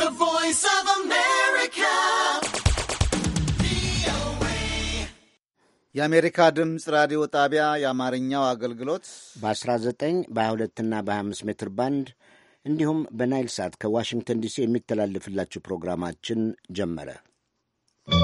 The Voice of America. የአሜሪካ ድምፅ ራዲዮ ጣቢያ የአማርኛው አገልግሎት በ19 በ22ና በ25 ሜትር ባንድ እንዲሁም በናይል ሳት ከዋሽንግተን ዲሲ የሚተላለፍላችሁ ፕሮግራማችን ጀመረ። ¶¶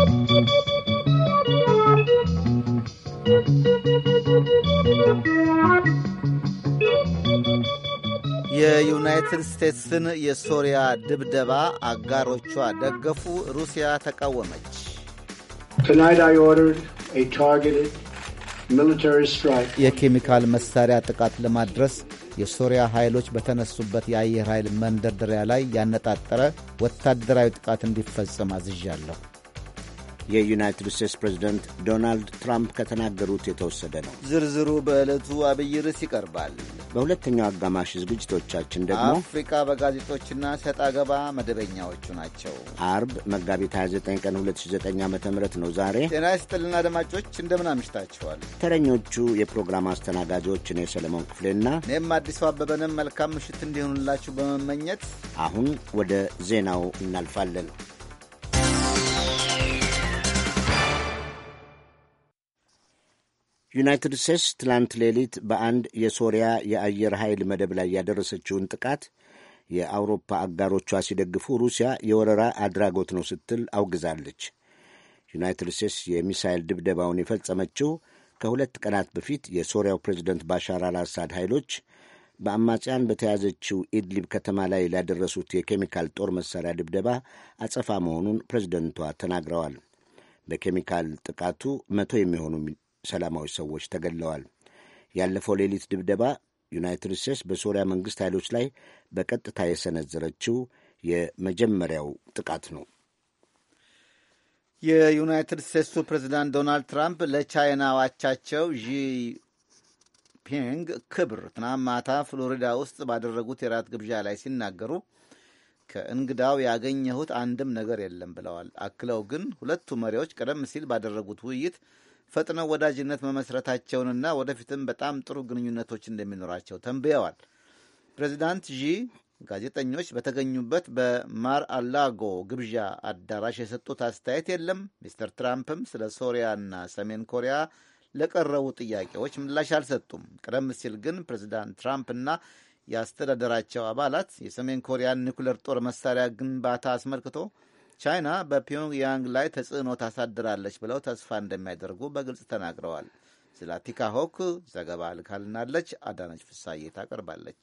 የዩናይትድ ስቴትስን የሶሪያ ድብደባ አጋሮቿ ደገፉ፣ ሩሲያ ተቃወመች። የኬሚካል መሳሪያ ጥቃት ለማድረስ የሶሪያ ኃይሎች በተነሱበት የአየር ኃይል መንደርደሪያ ላይ ያነጣጠረ ወታደራዊ ጥቃት እንዲፈጸም አዝዣለሁ። የዩናይትድ ስቴትስ ፕሬዚደንት ዶናልድ ትራምፕ ከተናገሩት የተወሰደ ነው። ዝርዝሩ በዕለቱ አብይ ርዕስ ይቀርባል። በሁለተኛው አጋማሽ ዝግጅቶቻችን ደግሞ አፍሪካ በጋዜጦችና ሰጣ አገባ መደበኛዎቹ ናቸው። አርብ መጋቢት 29 ቀን 2009 ዓ ም ነው ዛሬ። ጤና ይስጥልን አድማጮች፣ እንደምን አምሽታችኋል? ተረኞቹ የፕሮግራም አስተናጋጆች እኔ ሰለሞን ክፍሌና እኔም አዲሱ አበበንም መልካም ምሽት እንዲሆኑላችሁ በመመኘት አሁን ወደ ዜናው እናልፋለን። ዩናይትድ ስቴትስ ትላንት ሌሊት በአንድ የሶሪያ የአየር ኃይል መደብ ላይ ያደረሰችውን ጥቃት የአውሮፓ አጋሮቿ ሲደግፉ ሩሲያ የወረራ አድራጎት ነው ስትል አውግዛለች። ዩናይትድ ስቴትስ የሚሳይል ድብደባውን የፈጸመችው ከሁለት ቀናት በፊት የሶሪያው ፕሬዚደንት ባሻር አልአሳድ ኃይሎች በአማጽያን በተያዘችው ኢድሊብ ከተማ ላይ ላደረሱት የኬሚካል ጦር መሳሪያ ድብደባ አጸፋ መሆኑን ፕሬዚደንቷ ተናግረዋል። በኬሚካል ጥቃቱ መቶ የሚሆኑ ሰላማዊ ሰዎች ተገድለዋል። ያለፈው ሌሊት ድብደባ ዩናይትድ ስቴትስ በሶሪያ መንግስት ኃይሎች ላይ በቀጥታ የሰነዘረችው የመጀመሪያው ጥቃት ነው። የዩናይትድ ስቴትሱ ፕሬዚዳንት ዶናልድ ትራምፕ ለቻይና ዋቻቸው ዢ ፒንግ ክብር ትናንት ማታ ፍሎሪዳ ውስጥ ባደረጉት የራት ግብዣ ላይ ሲናገሩ ከእንግዳው ያገኘሁት አንድም ነገር የለም ብለዋል። አክለው ግን ሁለቱ መሪዎች ቀደም ሲል ባደረጉት ውይይት ፈጥነው ወዳጅነት መመስረታቸውንና ወደፊትም በጣም ጥሩ ግንኙነቶች እንደሚኖራቸው ተንብየዋል። ፕሬዚዳንት ዢ ጋዜጠኞች በተገኙበት በማር አላጎ ግብዣ አዳራሽ የሰጡት አስተያየት የለም። ሚስተር ትራምፕም ስለ ሶሪያና ሰሜን ኮሪያ ለቀረቡ ጥያቄዎች ምላሽ አልሰጡም። ቀደም ሲል ግን ፕሬዚዳንት ትራምፕና የአስተዳደራቸው አባላት የሰሜን ኮሪያን ኒኩለር ጦር መሳሪያ ግንባታ አስመልክቶ ቻይና በፒዮንግያንግ ላይ ተጽዕኖ ታሳድራለች ብለው ተስፋ እንደሚያደርጉ በግልጽ ተናግረዋል። ስለ ቲካሆክ ዘገባ ልካልናለች። አዳነች ፍሳዬ ታቀርባለች።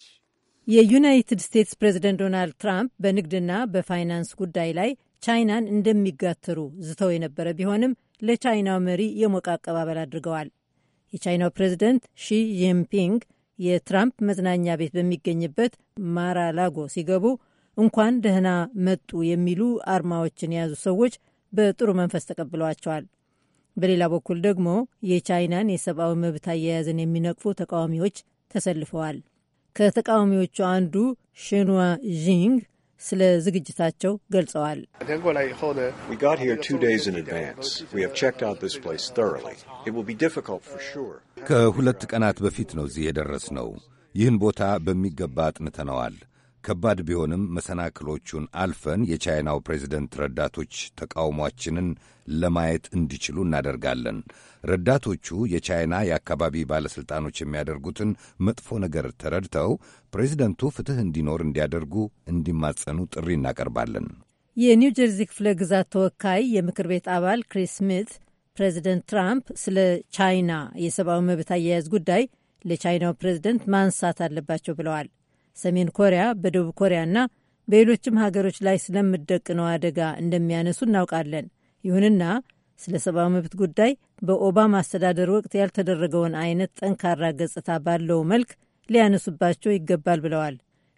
የዩናይትድ ስቴትስ ፕሬዚደንት ዶናልድ ትራምፕ በንግድና በፋይናንስ ጉዳይ ላይ ቻይናን እንደሚጋትሩ ዝተው የነበረ ቢሆንም ለቻይናው መሪ የሞቀ አቀባበል አድርገዋል። የቻይናው ፕሬዚደንት ሺ ጂንፒንግ የትራምፕ መዝናኛ ቤት በሚገኝበት ማራላጎ ሲገቡ እንኳን ደህና መጡ የሚሉ አርማዎችን የያዙ ሰዎች በጥሩ መንፈስ ተቀብለዋቸዋል። በሌላ በኩል ደግሞ የቻይናን የሰብአዊ መብት አያያዝን የሚነቅፉ ተቃዋሚዎች ተሰልፈዋል። ከተቃዋሚዎቹ አንዱ ሽንዋ ዢንግ ስለ ዝግጅታቸው ገልጸዋል። ከሁለት ቀናት በፊት ነው እዚህ የደረስነው። ይህን ቦታ በሚገባ አጥንተነዋል። ከባድ ቢሆንም መሰናክሎቹን አልፈን የቻይናው ፕሬዚደንት ረዳቶች ተቃውሟችንን ለማየት እንዲችሉ እናደርጋለን። ረዳቶቹ የቻይና የአካባቢ ባለሥልጣኖች የሚያደርጉትን መጥፎ ነገር ተረድተው ፕሬዚደንቱ ፍትሕ እንዲኖር እንዲያደርጉ እንዲማጸኑ ጥሪ እናቀርባለን። የኒው ጀርዚ ክፍለ ግዛት ተወካይ የምክር ቤት አባል ክሪስ ስሚት ፕሬዚደንት ትራምፕ ስለ ቻይና የሰብአዊ መብት አያያዝ ጉዳይ ለቻይናው ፕሬዚደንት ማንሳት አለባቸው ብለዋል። ሰሜን ኮሪያ በደቡብ ኮሪያና በሌሎችም ሀገሮች ላይ ስለምደቅነው አደጋ እንደሚያነሱ እናውቃለን። ይሁንና ስለ ሰብአዊ መብት ጉዳይ በኦባማ አስተዳደር ወቅት ያልተደረገውን አይነት ጠንካራ ገጽታ ባለው መልክ ሊያነሱባቸው ይገባል ብለዋል።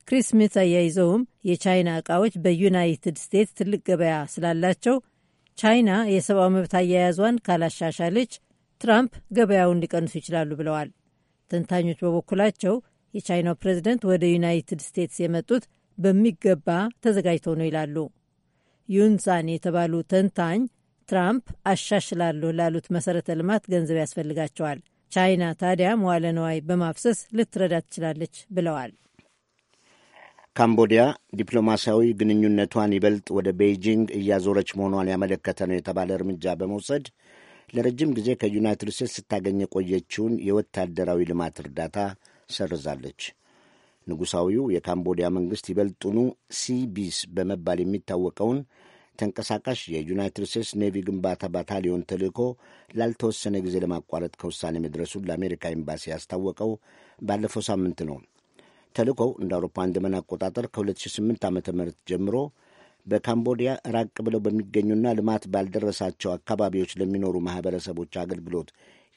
ክሪስ ስሚት አያይዘውም የቻይና እቃዎች በዩናይትድ ስቴትስ ትልቅ ገበያ ስላላቸው ቻይና የሰብአዊ መብት አያያዟን ካላሻሻለች ትራምፕ ገበያውን ሊቀንሱ ይችላሉ ብለዋል። ተንታኞች በበኩላቸው የቻይናው ፕሬዝደንት ወደ ዩናይትድ ስቴትስ የመጡት በሚገባ ተዘጋጅተው ነው ይላሉ። ዩንሳን የተባሉ ተንታኝ ትራምፕ አሻሽላለሁ ላሉት መሰረተ ልማት ገንዘብ ያስፈልጋቸዋል፣ ቻይና ታዲያ መዋለ ነዋይ በማፍሰስ ልትረዳ ትችላለች ብለዋል። ካምቦዲያ ዲፕሎማሲያዊ ግንኙነቷን ይበልጥ ወደ ቤይጂንግ እያዞረች መሆኗን ያመለከተ ነው የተባለ እርምጃ በመውሰድ ለረጅም ጊዜ ከዩናይትድ ስቴትስ ስታገኝ የቆየችውን የወታደራዊ ልማት እርዳታ ሰርዛለች። ንጉሳዊው የካምቦዲያ መንግሥት ይበልጡኑ ሲቢስ በመባል የሚታወቀውን ተንቀሳቃሽ የዩናይትድ ስቴትስ ኔቪ ግንባታ ባታሊዮን ተልእኮ ላልተወሰነ ጊዜ ለማቋረጥ ከውሳኔ መድረሱን ለአሜሪካ ኤምባሲ ያስታወቀው ባለፈው ሳምንት ነው። ተልእኮው እንደ አውሮፓውያን ዘመን አቆጣጠር ከ2008 ዓ ም ጀምሮ በካምቦዲያ ራቅ ብለው በሚገኙና ልማት ባልደረሳቸው አካባቢዎች ለሚኖሩ ማኅበረሰቦች አገልግሎት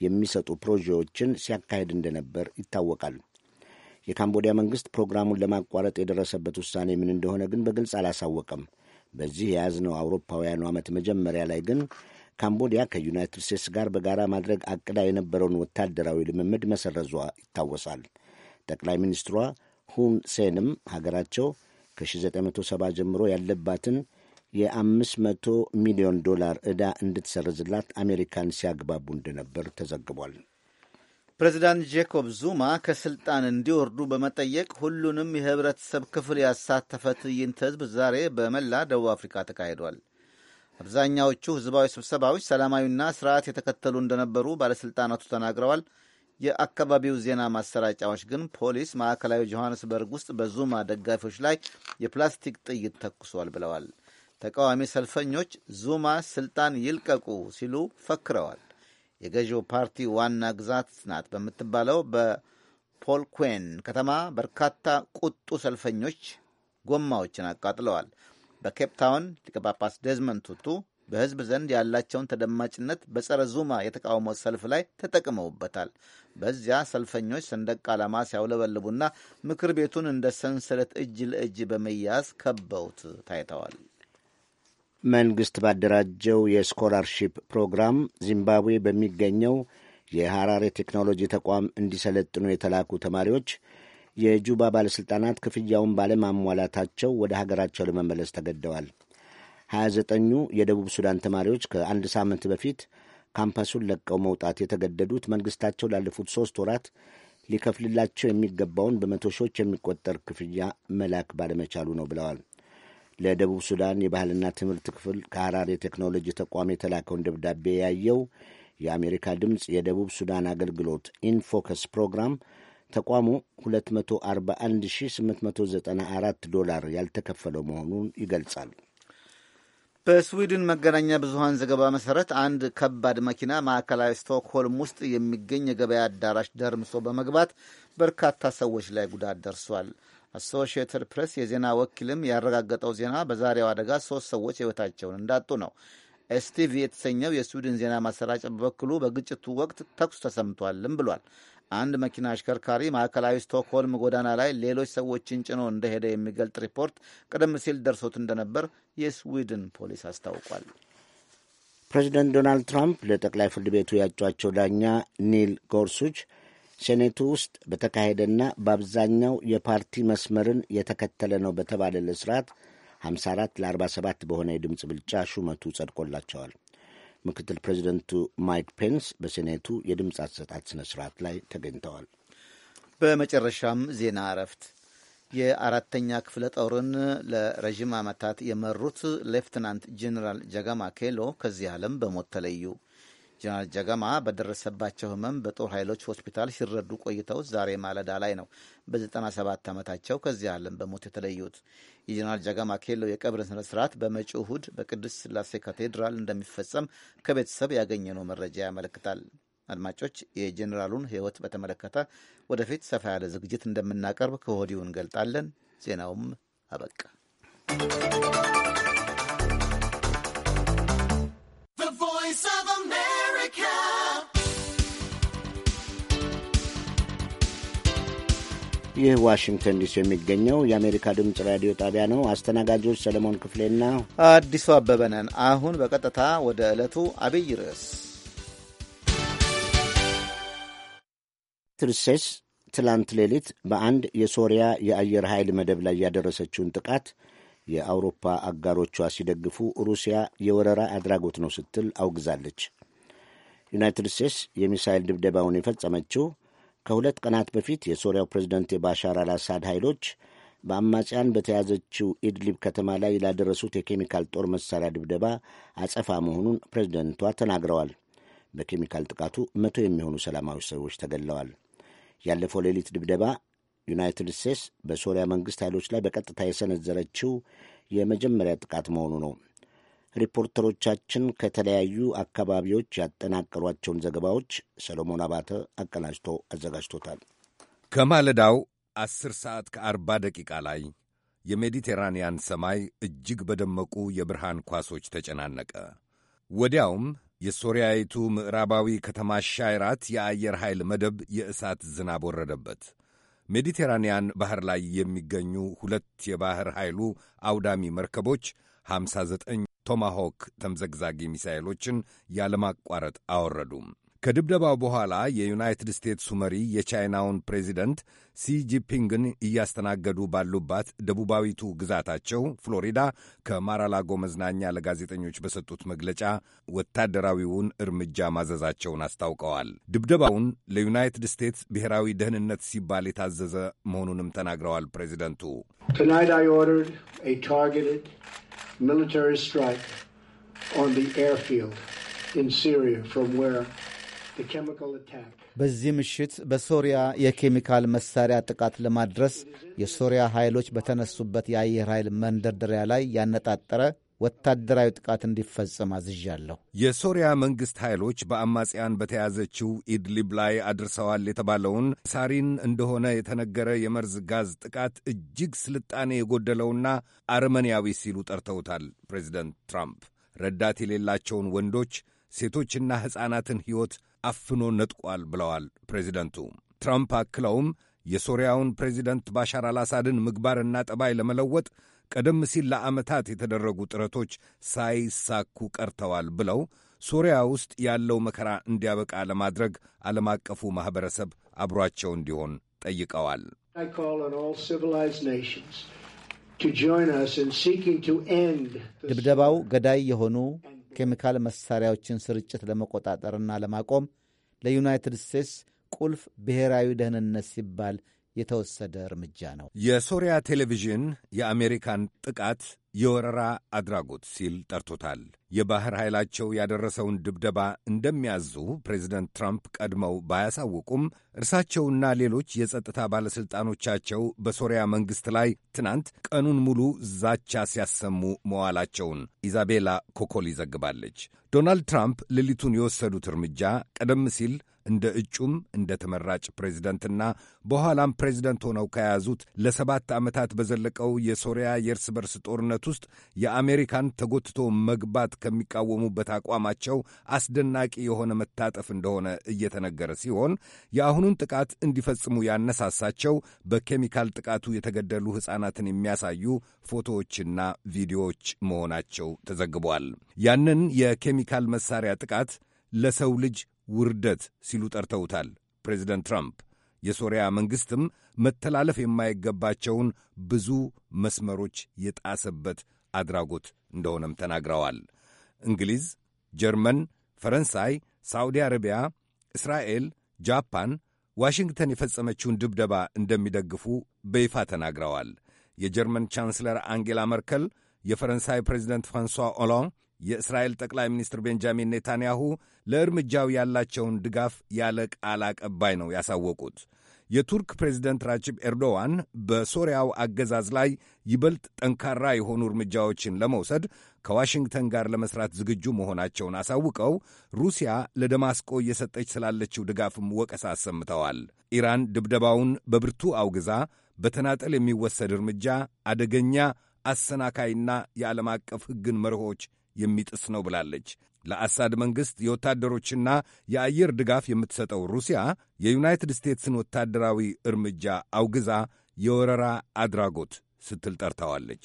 የሚሰጡ ፕሮጀዎችን ሲያካሄድ እንደነበር ይታወቃል። የካምቦዲያ መንግሥት ፕሮግራሙን ለማቋረጥ የደረሰበት ውሳኔ ምን እንደሆነ ግን በግልጽ አላሳወቀም። በዚህ የያዝነው አውሮፓውያኑ ዓመት መጀመሪያ ላይ ግን ካምቦዲያ ከዩናይትድ ስቴትስ ጋር በጋራ ማድረግ አቅዳ የነበረውን ወታደራዊ ልምምድ መሰረዟ ይታወሳል። ጠቅላይ ሚኒስትሯ ሁን ሴንም ሀገራቸው ከ1970 ጀምሮ ያለባትን የአምስት መቶ ሚሊዮን ዶላር ዕዳ እንድትሰርዝላት አሜሪካን ሲያግባቡ እንደነበር ተዘግቧል። ፕሬዚዳንት ጄኮብ ዙማ ከስልጣን እንዲወርዱ በመጠየቅ ሁሉንም የህብረተሰብ ክፍል ያሳተፈ ትዕይንተ ህዝብ ዛሬ በመላ ደቡብ አፍሪካ ተካሂዷል። አብዛኛዎቹ ህዝባዊ ስብሰባዎች ሰላማዊና ስርዓት የተከተሉ እንደነበሩ ባለሥልጣናቱ ተናግረዋል። የአካባቢው ዜና ማሰራጫዎች ግን ፖሊስ ማዕከላዊ ጆሐንስበርግ ውስጥ በዙማ ደጋፊዎች ላይ የፕላስቲክ ጥይት ተኩሷል ብለዋል። ተቃዋሚ ሰልፈኞች ዙማ ስልጣን ይልቀቁ ሲሉ ፈክረዋል። የገዢው ፓርቲ ዋና ግዛት ናት በምትባለው በፖልኩዌን ከተማ በርካታ ቁጡ ሰልፈኞች ጎማዎችን አቃጥለዋል። በኬፕታውን ሊቀ ጳጳስ ደዝመንድ ቱቱ በሕዝብ ዘንድ ያላቸውን ተደማጭነት በጸረ ዙማ የተቃውሞ ሰልፍ ላይ ተጠቅመውበታል። በዚያ ሰልፈኞች ሰንደቅ ዓላማ ሲያውለበልቡና ምክር ቤቱን እንደ ሰንሰለት እጅ ለእጅ በመያዝ ከበውት ታይተዋል። መንግሥት ባደራጀው የስኮላርሺፕ ፕሮግራም ዚምባብዌ በሚገኘው የሐራሬ ቴክኖሎጂ ተቋም እንዲሰለጥኑ የተላኩ ተማሪዎች የጁባ ባለሥልጣናት ክፍያውን ባለማሟላታቸው ወደ ሀገራቸው ለመመለስ ተገደዋል። 29ኙ የደቡብ ሱዳን ተማሪዎች ከአንድ ሳምንት በፊት ካምፓሱን ለቀው መውጣት የተገደዱት መንግሥታቸው ላለፉት ሦስት ወራት ሊከፍልላቸው የሚገባውን በመቶ ሺዎች የሚቆጠር ክፍያ መላክ ባለመቻሉ ነው ብለዋል። ለደቡብ ሱዳን የባህልና ትምህርት ክፍል ከሐራር የቴክኖሎጂ ተቋም የተላከውን ደብዳቤ ያየው የአሜሪካ ድምፅ የደቡብ ሱዳን አገልግሎት ኢንፎከስ ፕሮግራም ተቋሙ 241894 ዶላር ያልተከፈለው መሆኑን ይገልጻል። በስዊድን መገናኛ ብዙሃን ዘገባ መሠረት አንድ ከባድ መኪና ማዕከላዊ ስቶክሆልም ውስጥ የሚገኝ የገበያ አዳራሽ ደርምሶ በመግባት በርካታ ሰዎች ላይ ጉዳት ደርሷል። አሶሺየትድ ፕሬስ የዜና ወኪልም ያረጋገጠው ዜና በዛሬው አደጋ ሶስት ሰዎች ህይወታቸውን እንዳጡ ነው። ኤስቲቪ የተሰኘው የስዊድን ዜና ማሰራጫ በበኩሉ በግጭቱ ወቅት ተኩስ ተሰምቷልም ብሏል። አንድ መኪና አሽከርካሪ ማዕከላዊ ስቶክሆልም ጎዳና ላይ ሌሎች ሰዎችን ጭኖ እንደሄደ የሚገልጥ ሪፖርት ቀደም ሲል ደርሶት እንደነበር የስዊድን ፖሊስ አስታውቋል። ፕሬዚደንት ዶናልድ ትራምፕ ለጠቅላይ ፍርድ ቤቱ ያጯቸው ዳኛ ኒል ጎርሱች ሴኔቱ ውስጥ በተካሄደና በአብዛኛው የፓርቲ መስመርን የተከተለ ነው በተባለለት ስርዓት 54 ለ47 በሆነ የድምፅ ብልጫ ሹመቱ ጸድቆላቸዋል። ምክትል ፕሬዚደንቱ ማይክ ፔንስ በሴኔቱ የድምፅ አሰጣት ስነ ስርዓት ላይ ተገኝተዋል። በመጨረሻም ዜና እረፍት የአራተኛ ክፍለ ጦርን ለረዥም ዓመታት የመሩት ሌፍትናንት ጄኔራል ጀጋማ ኬሎ ከዚህ ዓለም በሞት ተለዩ። ጀነራል ጃጋማ በደረሰባቸው ህመም በጦር ኃይሎች ሆስፒታል ሲረዱ ቆይተው ዛሬ ማለዳ ላይ ነው በ97 ዓመታቸው ከዚህ ዓለም በሞት የተለዩት። የጀነራል ጀገማ ኬሎ የቀብር ስነ ስርዓት በመጪው እሁድ በቅድስት ስላሴ ካቴድራል እንደሚፈጸም ከቤተሰብ ያገኘነው መረጃ ያመለክታል። አድማጮች፣ የጀኔራሉን ህይወት በተመለከተ ወደፊት ሰፋ ያለ ዝግጅት እንደምናቀርብ ከወዲሁ እንገልጣለን። ዜናውም አበቃ። ይህ ዋሽንግተን ዲሲ የሚገኘው የአሜሪካ ድምፅ ራዲዮ ጣቢያ ነው። አስተናጋጆች ሰለሞን ክፍሌና አዲሱ አበበ ነን። አሁን በቀጥታ ወደ ዕለቱ አብይ ርዕስ ዩናይትድ ስቴትስ ትላንት ሌሊት በአንድ የሶሪያ የአየር ኃይል መደብ ላይ ያደረሰችውን ጥቃት የአውሮፓ አጋሮቿ ሲደግፉ ሩሲያ የወረራ አድራጎት ነው ስትል አውግዛለች። ዩናይትድ ስቴትስ የሚሳይል ድብደባውን የፈጸመችው ከሁለት ቀናት በፊት የሶሪያው ፕሬዝደንት የባሻር አልአሳድ ኃይሎች በአማጽያን በተያዘችው ኢድሊብ ከተማ ላይ ላደረሱት የኬሚካል ጦር መሳሪያ ድብደባ አጸፋ መሆኑን ፕሬዝደንቷ ተናግረዋል። በኬሚካል ጥቃቱ መቶ የሚሆኑ ሰላማዊ ሰዎች ተገድለዋል። ያለፈው ሌሊት ድብደባ ዩናይትድ ስቴትስ በሶሪያ መንግሥት ኃይሎች ላይ በቀጥታ የሰነዘረችው የመጀመሪያ ጥቃት መሆኑ ነው። ሪፖርተሮቻችን ከተለያዩ አካባቢዎች ያጠናቀሯቸውን ዘገባዎች ሰሎሞን አባተ አቀናጅቶ አዘጋጅቶታል። ከማለዳው አስር ሰዓት ከአርባ ደቂቃ ላይ የሜዲቴራንያን ሰማይ እጅግ በደመቁ የብርሃን ኳሶች ተጨናነቀ። ወዲያውም የሶሪያይቱ ምዕራባዊ ከተማ ሻይራት የአየር ኃይል መደብ የእሳት ዝናብ ወረደበት። ሜዲቴራንያን ባህር ላይ የሚገኙ ሁለት የባሕር ኃይሉ አውዳሚ መርከቦች 59 ቶማሆክ ተምዘግዛጊ ሚሳይሎችን ያለማቋረጥ አወረዱም። ከድብደባው በኋላ የዩናይትድ ስቴትሱ መሪ የቻይናውን ፕሬዚደንት ሲጂፒንግን እያስተናገዱ ባሉባት ደቡባዊቱ ግዛታቸው ፍሎሪዳ ከማራላጎ መዝናኛ ለጋዜጠኞች በሰጡት መግለጫ ወታደራዊውን እርምጃ ማዘዛቸውን አስታውቀዋል። ድብደባውን ለዩናይትድ ስቴትስ ብሔራዊ ደህንነት ሲባል የታዘዘ መሆኑንም ተናግረዋል። ፕሬዚደንቱ military strike on the airfield in Syria from where the chemical attack በዚህ ምሽት በሶሪያ የኬሚካል መሳሪያ ጥቃት ለማድረስ የሶሪያ ኃይሎች በተነሱበት የአየር ኃይል መንደርደሪያ ላይ ያነጣጠረ ወታደራዊ ጥቃት እንዲፈጸም አዝዣለሁ። የሶሪያ መንግሥት ኃይሎች በአማጽያን በተያዘችው ኢድሊብ ላይ አድርሰዋል የተባለውን ሳሪን እንደሆነ የተነገረ የመርዝ ጋዝ ጥቃት እጅግ ስልጣኔ የጎደለውና አርመንያዊ ሲሉ ጠርተውታል ፕሬዚደንት ትራምፕ። ረዳት የሌላቸውን ወንዶች፣ ሴቶችና ሕፃናትን ሕይወት አፍኖ ነጥቋል ብለዋል ፕሬዚደንቱ። ትራምፕ አክለውም የሶሪያውን ፕሬዚደንት ባሻር አልአሳድን ምግባርና ጠባይ ለመለወጥ ቀደም ሲል ለዓመታት የተደረጉ ጥረቶች ሳይሳኩ ቀርተዋል ብለው ሶሪያ ውስጥ ያለው መከራ እንዲያበቃ ለማድረግ ዓለም አቀፉ ማኅበረሰብ አብሯቸው እንዲሆን ጠይቀዋል። ድብደባው ገዳይ የሆኑ ኬሚካል መሣሪያዎችን ስርጭት ለመቆጣጠርና ለማቆም ለዩናይትድ ስቴትስ ቁልፍ ብሔራዊ ደህንነት ሲባል የተወሰደ እርምጃ ነው። የሶሪያ ቴሌቪዥን የአሜሪካን ጥቃት የወረራ አድራጎት ሲል ጠርቶታል። የባህር ኃይላቸው ያደረሰውን ድብደባ እንደሚያዙ ፕሬዚደንት ትራምፕ ቀድመው ባያሳውቁም እርሳቸውና ሌሎች የጸጥታ ባለሥልጣኖቻቸው በሶሪያ መንግሥት ላይ ትናንት ቀኑን ሙሉ ዛቻ ሲያሰሙ መዋላቸውን ኢዛቤላ ኮኮሊ ዘግባለች። ዶናልድ ትራምፕ ሌሊቱን የወሰዱት እርምጃ ቀደም ሲል እንደ እጩም እንደ ተመራጭ ፕሬዚደንትና በኋላም ፕሬዚደንት ሆነው ከያዙት ለሰባት ዓመታት በዘለቀው የሶሪያ የእርስ በርስ ጦርነት ውስጥ የአሜሪካን ተጎትቶ መግባት ከሚቃወሙበት አቋማቸው አስደናቂ የሆነ መታጠፍ እንደሆነ እየተነገረ ሲሆን የአሁኑን ጥቃት እንዲፈጽሙ ያነሳሳቸው በኬሚካል ጥቃቱ የተገደሉ ሕፃናትን የሚያሳዩ ፎቶዎችና ቪዲዮዎች መሆናቸው ተዘግቧል። ያንን የኬሚካል መሳሪያ ጥቃት ለሰው ልጅ ውርደት ሲሉ ጠርተውታል ፕሬዚደንት ትራምፕ። የሶሪያ መንግሥትም መተላለፍ የማይገባቸውን ብዙ መስመሮች የጣሰበት አድራጎት እንደሆነም ተናግረዋል። እንግሊዝ፣ ጀርመን፣ ፈረንሳይ፣ ሳዑዲ አረቢያ፣ እስራኤል፣ ጃፓን ዋሽንግተን የፈጸመችውን ድብደባ እንደሚደግፉ በይፋ ተናግረዋል። የጀርመን ቻንስለር አንጌላ መርከል፣ የፈረንሳይ ፕሬዚደንት ፍራንሷ ኦላንድ የእስራኤል ጠቅላይ ሚኒስትር ቤንጃሚን ኔታንያሁ ለእርምጃው ያላቸውን ድጋፍ ያለ ቃል አቀባይ ነው ያሳወቁት። የቱርክ ፕሬዚደንት ራጅብ ኤርዶዋን በሶሪያው አገዛዝ ላይ ይበልጥ ጠንካራ የሆኑ እርምጃዎችን ለመውሰድ ከዋሽንግተን ጋር ለመስራት ዝግጁ መሆናቸውን አሳውቀው ሩሲያ ለደማስቆ እየሰጠች ስላለችው ድጋፍም ወቀሳ አሰምተዋል። ኢራን ድብደባውን በብርቱ አውግዛ በተናጠል የሚወሰድ እርምጃ አደገኛ አሰናካይና የዓለም አቀፍ ሕግን መርሆች የሚጥስ ነው ብላለች። ለአሳድ መንግሥት የወታደሮችና የአየር ድጋፍ የምትሰጠው ሩሲያ የዩናይትድ ስቴትስን ወታደራዊ እርምጃ አውግዛ የወረራ አድራጎት ስትል ጠርታዋለች።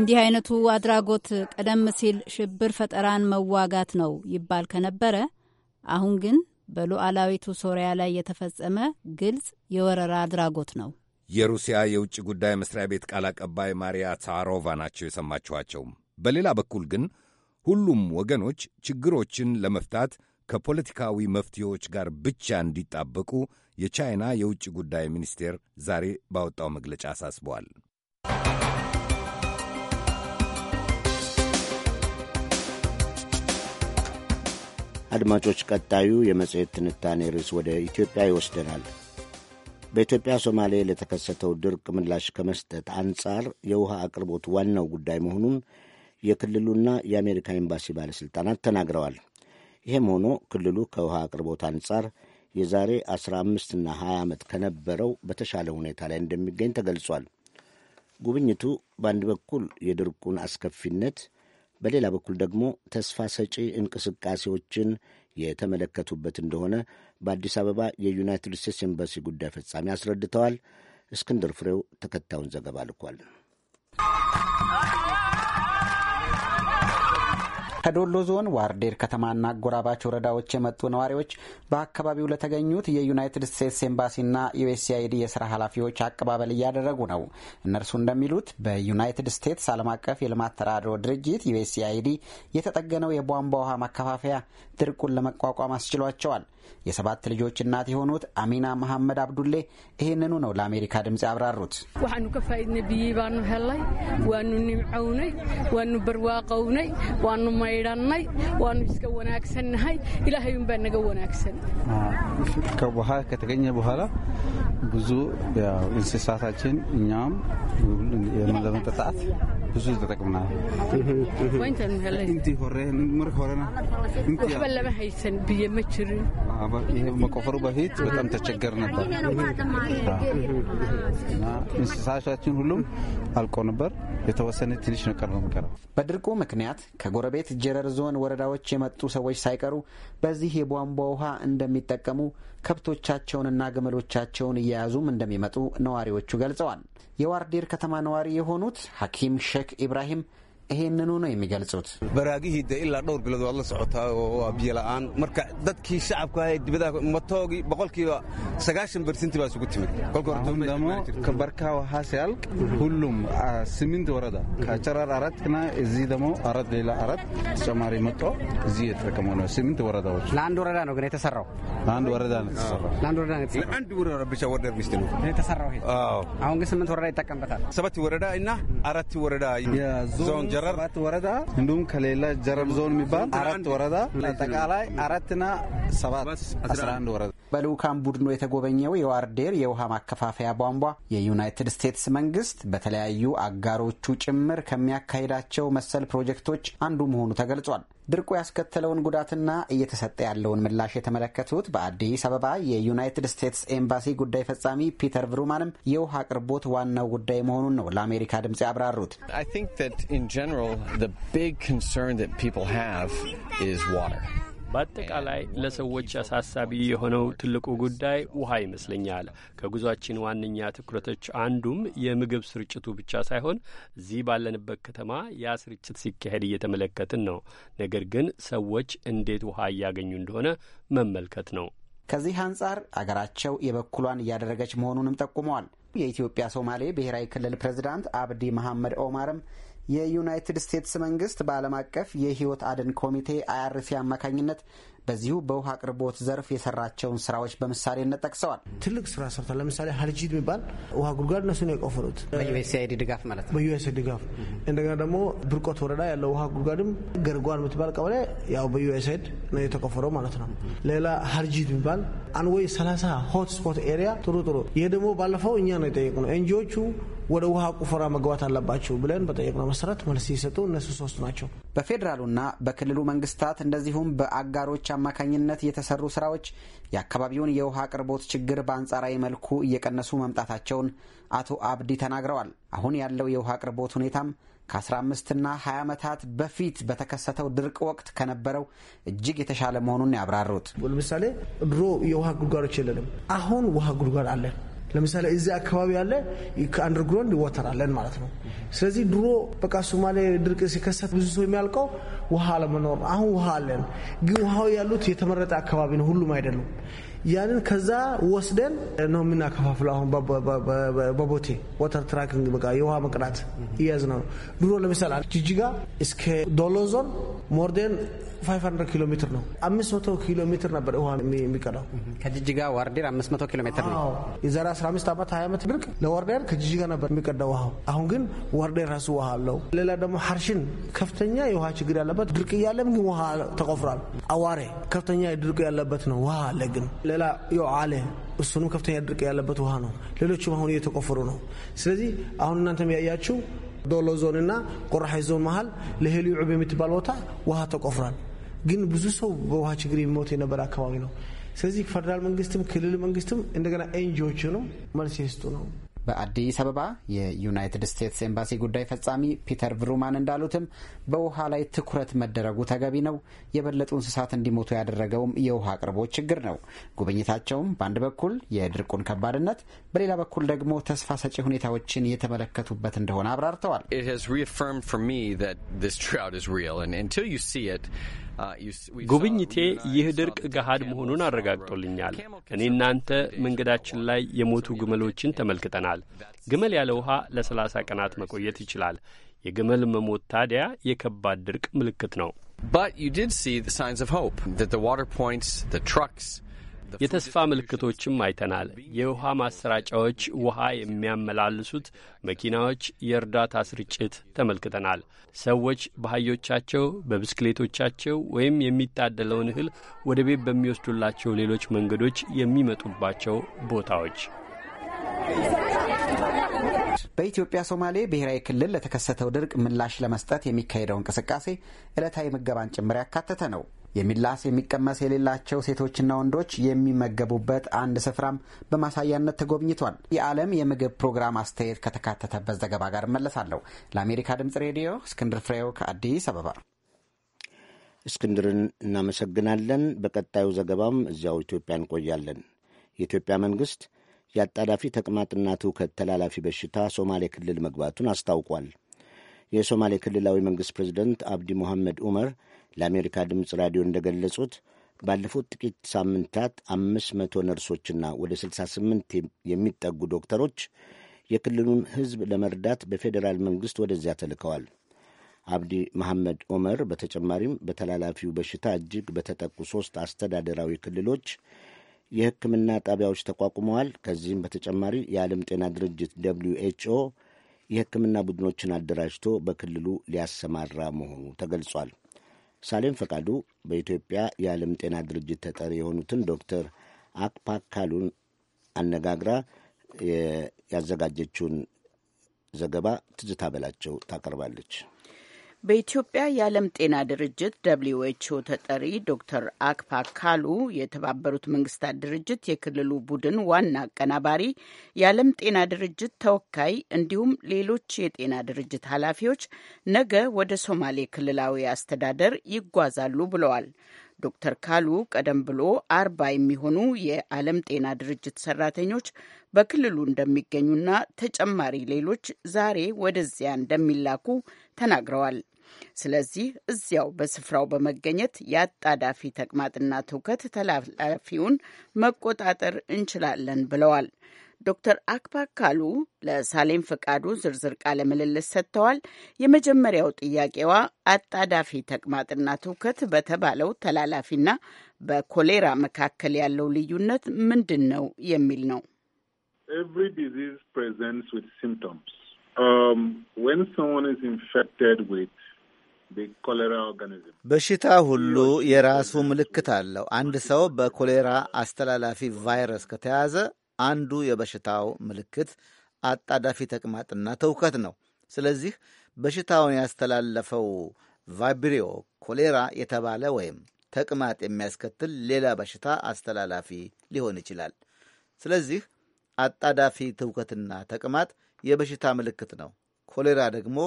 እንዲህ አይነቱ አድራጎት ቀደም ሲል ሽብር ፈጠራን መዋጋት ነው ይባል ከነበረ አሁን ግን በሉዓላዊቱ ሶሪያ ላይ የተፈጸመ ግልጽ የወረራ አድራጎት ነው። የሩሲያ የውጭ ጉዳይ መስሪያ ቤት ቃል አቀባይ ማሪያ ዛሃሮቫ ናቸው የሰማችኋቸው። በሌላ በኩል ግን ሁሉም ወገኖች ችግሮችን ለመፍታት ከፖለቲካዊ መፍትሄዎች ጋር ብቻ እንዲጣበቁ የቻይና የውጭ ጉዳይ ሚኒስቴር ዛሬ ባወጣው መግለጫ አሳስበዋል። አድማጮች፣ ቀጣዩ የመጽሔት ትንታኔ ርዕስ ወደ ኢትዮጵያ ይወስደናል። በኢትዮጵያ ሶማሌ ለተከሰተው ድርቅ ምላሽ ከመስጠት አንጻር የውሃ አቅርቦት ዋናው ጉዳይ መሆኑን የክልሉና የአሜሪካ ኤምባሲ ባለሥልጣናት ተናግረዋል። ይህም ሆኖ ክልሉ ከውሃ አቅርቦት አንጻር የዛሬ 15ና 20 ዓመት ከነበረው በተሻለ ሁኔታ ላይ እንደሚገኝ ተገልጿል። ጉብኝቱ በአንድ በኩል የድርቁን አስከፊነት፣ በሌላ በኩል ደግሞ ተስፋ ሰጪ እንቅስቃሴዎችን የተመለከቱበት እንደሆነ በአዲስ አበባ የዩናይትድ ስቴትስ ኤምባሲ ጉዳይ ፈጻሚ አስረድተዋል። እስክንድር ፍሬው ተከታዩን ዘገባ ልኳል። ከዶሎ ዞን ዋርዴር ከተማና አጎራባች ወረዳዎች የመጡ ነዋሪዎች በአካባቢው ለተገኙት የዩናይትድ ስቴትስ ኤምባሲና ዩኤስአይዲ የስራ ኃላፊዎች አቀባበል እያደረጉ ነው። እነርሱ እንደሚሉት በዩናይትድ ስቴትስ ዓለም አቀፍ የልማት ተራድኦ ድርጅት ዩኤስአይዲ የተጠገነው የቧንቧ ውሃ ማከፋፈያ ድርቁን ለመቋቋም አስችሏቸዋል። የሰባት ልጆች እናት የሆኑት አሚና መሐመድ አብዱሌ ይህንኑ ነው ለአሜሪካ ድምፅ ያብራሩት። ዋኑ ከፋይድነ ብዬ ባኑ ዋኑ ኒምዐውነይ ዋኑ በርዋቀውነይ ዋኑ ማይዳናይ ዋኑ ስከ ወናክሰንሃይ ኢላሀዩን በነገ ወናክሰን ከውሃ ከተገኘ በኋላ ብዙ እንስሳታችን እኛም ለመጠጣት ብዙ ተጠቅምናል። ወይንተ ሆረ ምር ሆረና ወበለመ ሀይሰን ይሄ መቆፈሩ በፊት በጣም ተቸገር ነበር እና እንስሳቻችን ሁሉም አልቆ ነበር። የተወሰነ ትንሽ ነቀር ነው የሚቀረው። በድርቁ ምክንያት ከጎረቤት ጀረር ዞን ወረዳዎች የመጡ ሰዎች ሳይቀሩ በዚህ የቧንቧ ውሃ እንደሚጠቀሙ ከብቶቻቸውንና ግመሎቻቸውን እየያዙም እንደሚመጡ ነዋሪዎቹ ገልጸዋል። የዋርዴር ከተማ ነዋሪ የሆኑት ሐኪም ሼክ ኢብራሂም ይሄንኑ ነው የሚገልጹት። በራጊ ሂደ ኢላ ዶር ቢሎድ waa la socotaa oo waa biyo la'aan marka dadkii shacabka ee dibadaha matoogi boqolkiiba sagaashan bersentii baa isugu timid kolkaordamo ከበርካ ውሃ ሲያልቅ ሁሉም ስምንት ወረዳ ከጨረር አራት ና እዚህ ደግሞ አራት ሌላ አራት ተጨማሪ መጦ እዚህ የተጠቀመ ነው። ስምንት ወረዳዎች ለአንድ ወረዳ ነው ግን የተሰራው ለአንድ ወረዳ ነው የተሰራው ለአንድ ወረዳ ነው የተሰራው ለአንድ ወረዳ ብቻ ወርደር ሚስት ነው የተሰራው። አሁን ግን ስምንት ወረዳ ይጠቀምበታል። ሰባት ወረዳ እና አራት ወረዳ የዞን ጀረር አራት ወረዳ እንዲሁም ከሌላ ጀረር ዞን የሚባል አራት ወረዳ አጠቃላይ አራትና ሰባት አስራ አንድ ወረዳ በልዑካን ቡድኑ የተጎበኘው የዋርዴር የውሃ ማከፋፈያ ቧንቧ የዩናይትድ ስቴትስ መንግስት በተለያዩ አጋሮቹ ጭምር ከሚያካሂዳቸው መሰል ፕሮጀክቶች አንዱ መሆኑ ተገልጿል። ድርቁ ያስከተለውን ጉዳትና እየተሰጠ ያለውን ምላሽ የተመለከቱት በአዲስ አበባ የዩናይትድ ስቴትስ ኤምባሲ ጉዳይ ፈጻሚ ፒተር ብሩማንም የውሃ አቅርቦት ዋናው ጉዳይ መሆኑን ነው ለአሜሪካ ድምፅ ያብራሩት። I think that in general the big concern that people have is water. በአጠቃላይ ለሰዎች አሳሳቢ የሆነው ትልቁ ጉዳይ ውሃ ይመስለኛል። ከጉዟችን ዋነኛ ትኩረቶች አንዱም የምግብ ስርጭቱ ብቻ ሳይሆን እዚህ ባለንበት ከተማ ያ ስርጭት ሲካሄድ እየተመለከትን ነው። ነገር ግን ሰዎች እንዴት ውሃ እያገኙ እንደሆነ መመልከት ነው። ከዚህ አንጻር አገራቸው የበኩሏን እያደረገች መሆኑንም ጠቁመዋል። የኢትዮጵያ ሶማሌ ብሔራዊ ክልል ፕሬዝዳንት አብዲ መሐመድ ኦማርም የዩናይትድ ስቴትስ መንግስት በዓለም አቀፍ የህይወት አድን ኮሚቴ አይአርሲ አማካኝነት በዚሁ በውሃ አቅርቦት ዘርፍ የሰራቸውን ስራዎች በምሳሌነት ጠቅሰዋል። ትልቅ ስራ ሰርቷል። ለምሳሌ ሀልጂድ የሚባል ውሃ ጉድጓድ እነሱ ነው የቆፈሩት በዩኤስአይዲ ድጋፍ ማለት ነው። በዩኤስአይዲ ድጋፍ እንደገና ደግሞ ብርቆት ወረዳ ያለው ውሃ ጉድጓድም ገርጓን የምትባል ቀበሌ ያው በዩኤስአይድ ነው የተቆፈረው ማለት ነው። ሌላ ሀልጂድ የሚባል አንወይ 30 ሆት ስፖት ኤሪያ ጥሩ ጥሩ። ይህ ደግሞ ባለፈው እኛ ነው ነው ኤንጂዎቹ ወደ ውሃ ቁፈራ መግባት አለባቸው ብለን በጠየቅነው መሰረት መልስ ሲሰጡ እነሱ ሶስት ናቸው። በፌዴራሉና በክልሉ መንግስታት እንደዚሁም በአጋሮች አማካኝነት የተሰሩ ስራዎች የአካባቢውን የውሃ አቅርቦት ችግር በአንጻራዊ መልኩ እየቀነሱ መምጣታቸውን አቶ አብዲ ተናግረዋል። አሁን ያለው የውሃ አቅርቦት ሁኔታም ከ15ና 20 ዓመታት በፊት በተከሰተው ድርቅ ወቅት ከነበረው እጅግ የተሻለ መሆኑን ያብራሩት። ለምሳሌ ድሮ የውሃ ጉድጓዶች የለንም፣ አሁን ውሃ ጉድጓድ አለን። ለምሳሌ እዚህ አካባቢ ያለ ከአንደርግራውንድ ወተር አለን ማለት ነው። ስለዚህ ድሮ በቃ ሶማሌ ድርቅ ሲከሰት ብዙ ሰው የሚያልቀው ውሃ አለመኖር፣ አሁን ውሃ አለን። ግን ውሃው ያሉት የተመረጠ አካባቢ ነው፣ ሁሉም አይደሉም። ያንን ከዛ ወስደን ነው የምናከፋፍለው። አሁን በቦቴ ወተር ትራኪንግ በቃ የውሃ መቅዳት እያዝ ነው። ድሮ ለምሳሌ ጅጅጋ እስከ ዶሎ ዞን ሞርዴን 500 ኪሎ ሜትር ነው። 500 ኪሎ ሜትር ነበር ውሃ የሚቀዳው ከጅጅጋ ዋርዴር 500 ኪሎ ሜትር ነው። የዛሬ 15 ዓመት 20 ዓመት ድርቅ ለዋርዴር ከጅጅጋ ነበር የሚቀዳው ውሃ። አሁን ግን ዋርዴር ራሱ ውሃ አለው። ሌላ ደግሞ ሀርሽን ከፍተኛ የውሃ ችግር ያለበት ድርቅ እያለም ግን ውሃ ተቆፍሯል። አዋሬ ከፍተኛ ድርቅ ያለበት ነው፣ ውሃ አለ ግን ሌላ የአለ እሱንም ከፍተኛ ድርቅ ያለበት ውሃ ነው። ሌሎችም አሁን እየተቆፈሩ ነው። ስለዚህ አሁን እናንተም ያያችው ዶሎ ዞን እና ቆራሐይ ዞን መሀል ለሄሊ ዑብ የምትባል ቦታ ውሃ ተቆፍሯል። ግን ብዙ ሰው በውሃ ችግር የሚሞት የነበረ አካባቢ ነው። ስለዚህ ፌደራል መንግስትም ክልል መንግስትም እንደገና ኤንጂዎች ነው መልስ የስጡ ነው። በአዲስ አበባ የዩናይትድ ስቴትስ ኤምባሲ ጉዳይ ፈጻሚ ፒተር ቭሩማን እንዳሉትም በውሃ ላይ ትኩረት መደረጉ ተገቢ ነው። የበለጡ እንስሳት እንዲሞቱ ያደረገውም የውሃ አቅርቦት ችግር ነው። ጉብኝታቸውም በአንድ በኩል የድርቁን ከባድነት፣ በሌላ በኩል ደግሞ ተስፋ ሰጪ ሁኔታዎችን የተመለከቱበት እንደሆነ አብራርተዋል። ጉብኝቴ ይህ ድርቅ ገሃድ መሆኑን አረጋግጦልኛል። እኔ እናንተ መንገዳችን ላይ የሞቱ ግመሎችን ተመልክተናል። ግመል ያለ ውሃ ለሰላሳ ቀናት መቆየት ይችላል። የግመል መሞት ታዲያ የከባድ ድርቅ ምልክት ነው። But you did see the signs of hope that the water points, the trucks, የተስፋ ምልክቶችም አይተናል። የውሃ ማሰራጫዎች ውሃ የሚያመላልሱት መኪናዎች፣ የእርዳታ ስርጭት ተመልክተናል። ሰዎች በአህዮቻቸው በብስክሌቶቻቸው ወይም የሚታደለውን እህል ወደ ቤት በሚወስዱላቸው ሌሎች መንገዶች የሚመጡባቸው ቦታዎች በኢትዮጵያ ሶማሌ ብሔራዊ ክልል ለተከሰተው ድርቅ ምላሽ ለመስጠት የሚካሄደው እንቅስቃሴ ዕለታዊ ምገባን ጭምር ያካተተ ነው። የሚላስ የሚቀመስ የሌላቸው ሴቶችና ወንዶች የሚመገቡበት አንድ ስፍራም በማሳያነት ተጎብኝቷል። የዓለም የምግብ ፕሮግራም አስተያየት ከተካተተበት ዘገባ ጋር እመለሳለሁ። ለአሜሪካ ድምጽ ሬዲዮ እስክንድር ፍሬው ከአዲስ አበባ። እስክንድርን እናመሰግናለን። በቀጣዩ ዘገባም እዚያው ኢትዮጵያ እንቆያለን። የኢትዮጵያ መንግሥት የአጣዳፊ ተቅማጥና ትውከት ተላላፊ በሽታ ሶማሌ ክልል መግባቱን አስታውቋል። የሶማሌ ክልላዊ መንግሥት ፕሬዚደንት አብዲ ሞሐመድ ዑመር። ለአሜሪካ ድምፅ ራዲዮ እንደገለጹት ባለፉት ጥቂት ሳምንታት አምስት መቶ ነርሶችና ወደ 68 የሚጠጉ ዶክተሮች የክልሉን ሕዝብ ለመርዳት በፌዴራል መንግሥት ወደዚያ ተልከዋል። አብዲ መሐመድ ኦመር በተጨማሪም በተላላፊው በሽታ እጅግ በተጠቁ ሦስት አስተዳደራዊ ክልሎች የሕክምና ጣቢያዎች ተቋቁመዋል። ከዚህም በተጨማሪ የዓለም ጤና ድርጅት ደብሊው ኤችኦ የሕክምና ቡድኖችን አደራጅቶ በክልሉ ሊያሰማራ መሆኑ ተገልጿል። ሳሌም ፈቃዱ በኢትዮጵያ የዓለም ጤና ድርጅት ተጠሪ የሆኑትን ዶክተር አክፓካሉን አነጋግራ ያዘጋጀችውን ዘገባ ትዝታ በላቸው ታቀርባለች። በኢትዮጵያ የዓለም ጤና ድርጅት ደብሊው ኤችኦ ተጠሪ ዶክተር አክፓ ካሉ የተባበሩት መንግስታት ድርጅት የክልሉ ቡድን ዋና አቀናባሪ፣ የዓለም ጤና ድርጅት ተወካይ እንዲሁም ሌሎች የጤና ድርጅት ኃላፊዎች ነገ ወደ ሶማሌ ክልላዊ አስተዳደር ይጓዛሉ ብለዋል። ዶክተር ካሉ ቀደም ብሎ አርባ የሚሆኑ የዓለም ጤና ድርጅት ሰራተኞች በክልሉ እንደሚገኙና ተጨማሪ ሌሎች ዛሬ ወደዚያ እንደሚላኩ ተናግረዋል። ስለዚህ እዚያው በስፍራው በመገኘት የአጣዳፊ ተቅማጥና ትውከት ተላላፊውን መቆጣጠር እንችላለን ብለዋል። ዶክተር አክባ ካሉ ለሳሌም ፈቃዱ ዝርዝር ቃለ ምልልስ ሰጥተዋል። የመጀመሪያው ጥያቄዋ አጣዳፊ ተቅማጥና ትውከት በተባለው ተላላፊና በኮሌራ መካከል ያለው ልዩነት ምንድን ነው የሚል ነው። um, በሽታ ሁሉ የራሱ ምልክት አለው። አንድ ሰው በኮሌራ አስተላላፊ ቫይረስ ከተያዘ አንዱ የበሽታው ምልክት አጣዳፊ ተቅማጥና ትውከት ነው። ስለዚህ በሽታውን ያስተላለፈው ቫይብሪዮ ኮሌራ የተባለ ወይም ተቅማጥ የሚያስከትል ሌላ በሽታ አስተላላፊ ሊሆን ይችላል። ስለዚህ አጣዳፊ ትውከትና ተቅማጥ የበሽታ ምልክት ነው። ኮሌራ ደግሞ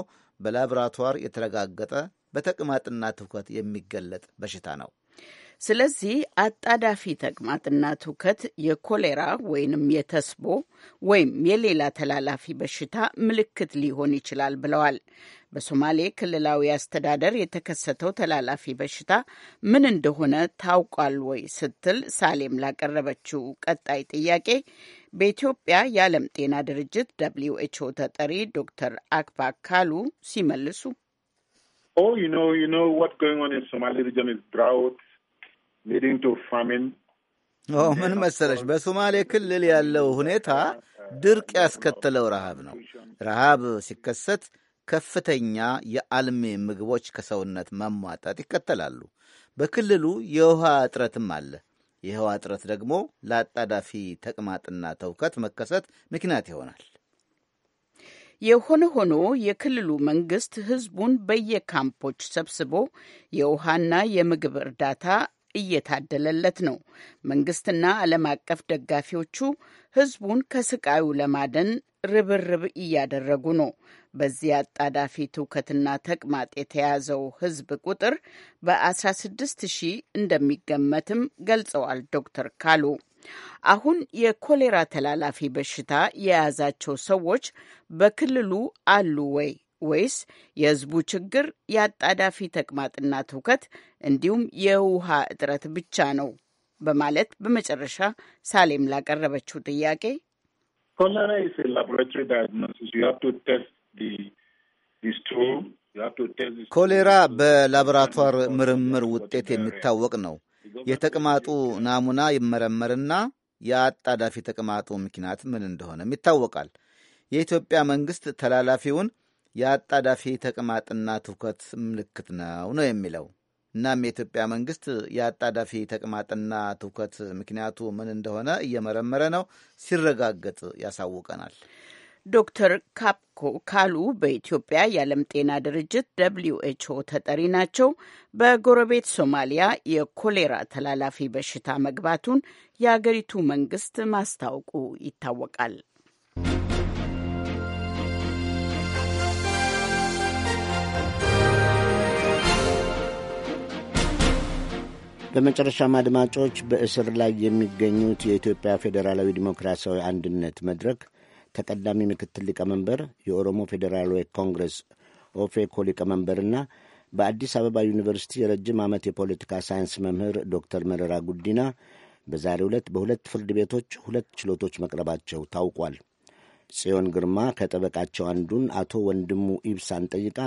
በላብራቶር የተረጋገጠ በተቅማጥና ትውከት የሚገለጥ በሽታ ነው። ስለዚህ አጣዳፊ ተቅማጥና ትውከት የኮሌራ ወይንም የተስቦ ወይም የሌላ ተላላፊ በሽታ ምልክት ሊሆን ይችላል ብለዋል። በሶማሌ ክልላዊ አስተዳደር የተከሰተው ተላላፊ በሽታ ምን እንደሆነ ታውቋል ወይ ስትል ሳሌም ላቀረበችው ቀጣይ ጥያቄ በኢትዮጵያ የዓለም ጤና ድርጅት ደብሊው ኤች ኦ ተጠሪ ዶክተር አክባ ካሉ ሲመልሱ ኦ ዩ ኖ ዩ ኖ ዋት ጎይንግ ኦን ኢን ሶማሌ ሪጅን ኢዝ ድራውት ሊዲንግ ቱ ፋሚን ምን መሰለሽ፣ በሶማሌ ክልል ያለው ሁኔታ ድርቅ ያስከተለው ረሃብ ነው። ረሃብ ሲከሰት ከፍተኛ የአልሚ ምግቦች ከሰውነት መሟጠጥ ይከተላሉ። በክልሉ የውሃ እጥረትም አለ። የውሃ እጥረት ደግሞ ለአጣዳፊ ተቅማጥና ተውከት መከሰት ምክንያት ይሆናል። የሆነ ሆኖ የክልሉ መንግስት ህዝቡን በየካምፖች ሰብስቦ የውሃና የምግብ እርዳታ እየታደለለት ነው። መንግስትና ዓለም አቀፍ ደጋፊዎቹ ህዝቡን ከስቃዩ ለማደን ርብርብ እያደረጉ ነው። በዚህ አጣዳፊ ትውከትና ተቅማጥ የተያዘው ህዝብ ቁጥር በ16 ሺህ እንደሚገመትም ገልጸዋል ዶክተር ካሉ። አሁን የኮሌራ ተላላፊ በሽታ የያዛቸው ሰዎች በክልሉ አሉ ወይ ወይስ የህዝቡ ችግር የአጣዳፊ ተቅማጥና ትውከት እንዲሁም የውሃ እጥረት ብቻ ነው? በማለት በመጨረሻ ሳሌም ላቀረበችው ጥያቄ ኮሌራ በላቦራቶር ምርምር ውጤት የሚታወቅ ነው። የተቅማጡ ናሙና ይመረመርና የአጣዳፊ ተቅማጡ ምክንያት ምን እንደሆነም ይታወቃል። የኢትዮጵያ መንግስት ተላላፊውን የአጣዳፊ ተቅማጥና ትውከት ምልክት ነው ነው የሚለው። እናም የኢትዮጵያ መንግስት የአጣዳፊ ተቅማጥና ትውከት ምክንያቱ ምን እንደሆነ እየመረመረ ነው። ሲረጋገጥ ያሳውቀናል። ዶክተር ካፕኮ ካሉ በኢትዮጵያ የዓለም ጤና ድርጅት ደብሊዩ ኤችኦ ተጠሪ ናቸው። በጎረቤት ሶማሊያ የኮሌራ ተላላፊ በሽታ መግባቱን የአገሪቱ መንግስት ማስታወቁ ይታወቃል። በመጨረሻም አድማጮች በእስር ላይ የሚገኙት የኢትዮጵያ ፌዴራላዊ ዲሞክራሲያዊ አንድነት መድረክ ተቀዳሚ ምክትል ሊቀመንበር የኦሮሞ ፌዴራላዊ ኮንግረስ ኦፌኮ ሊቀመንበርና በአዲስ አበባ ዩኒቨርሲቲ የረጅም ዓመት የፖለቲካ ሳይንስ መምህር ዶክተር መረራ ጉዲና በዛሬ ዕለት በሁለት ፍርድ ቤቶች ሁለት ችሎቶች መቅረባቸው ታውቋል። ጽዮን ግርማ ከጠበቃቸው አንዱን አቶ ወንድሙ ኢብሳን ጠይቃ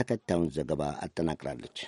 ተከታዩን ዘገባ አጠናቅራለች።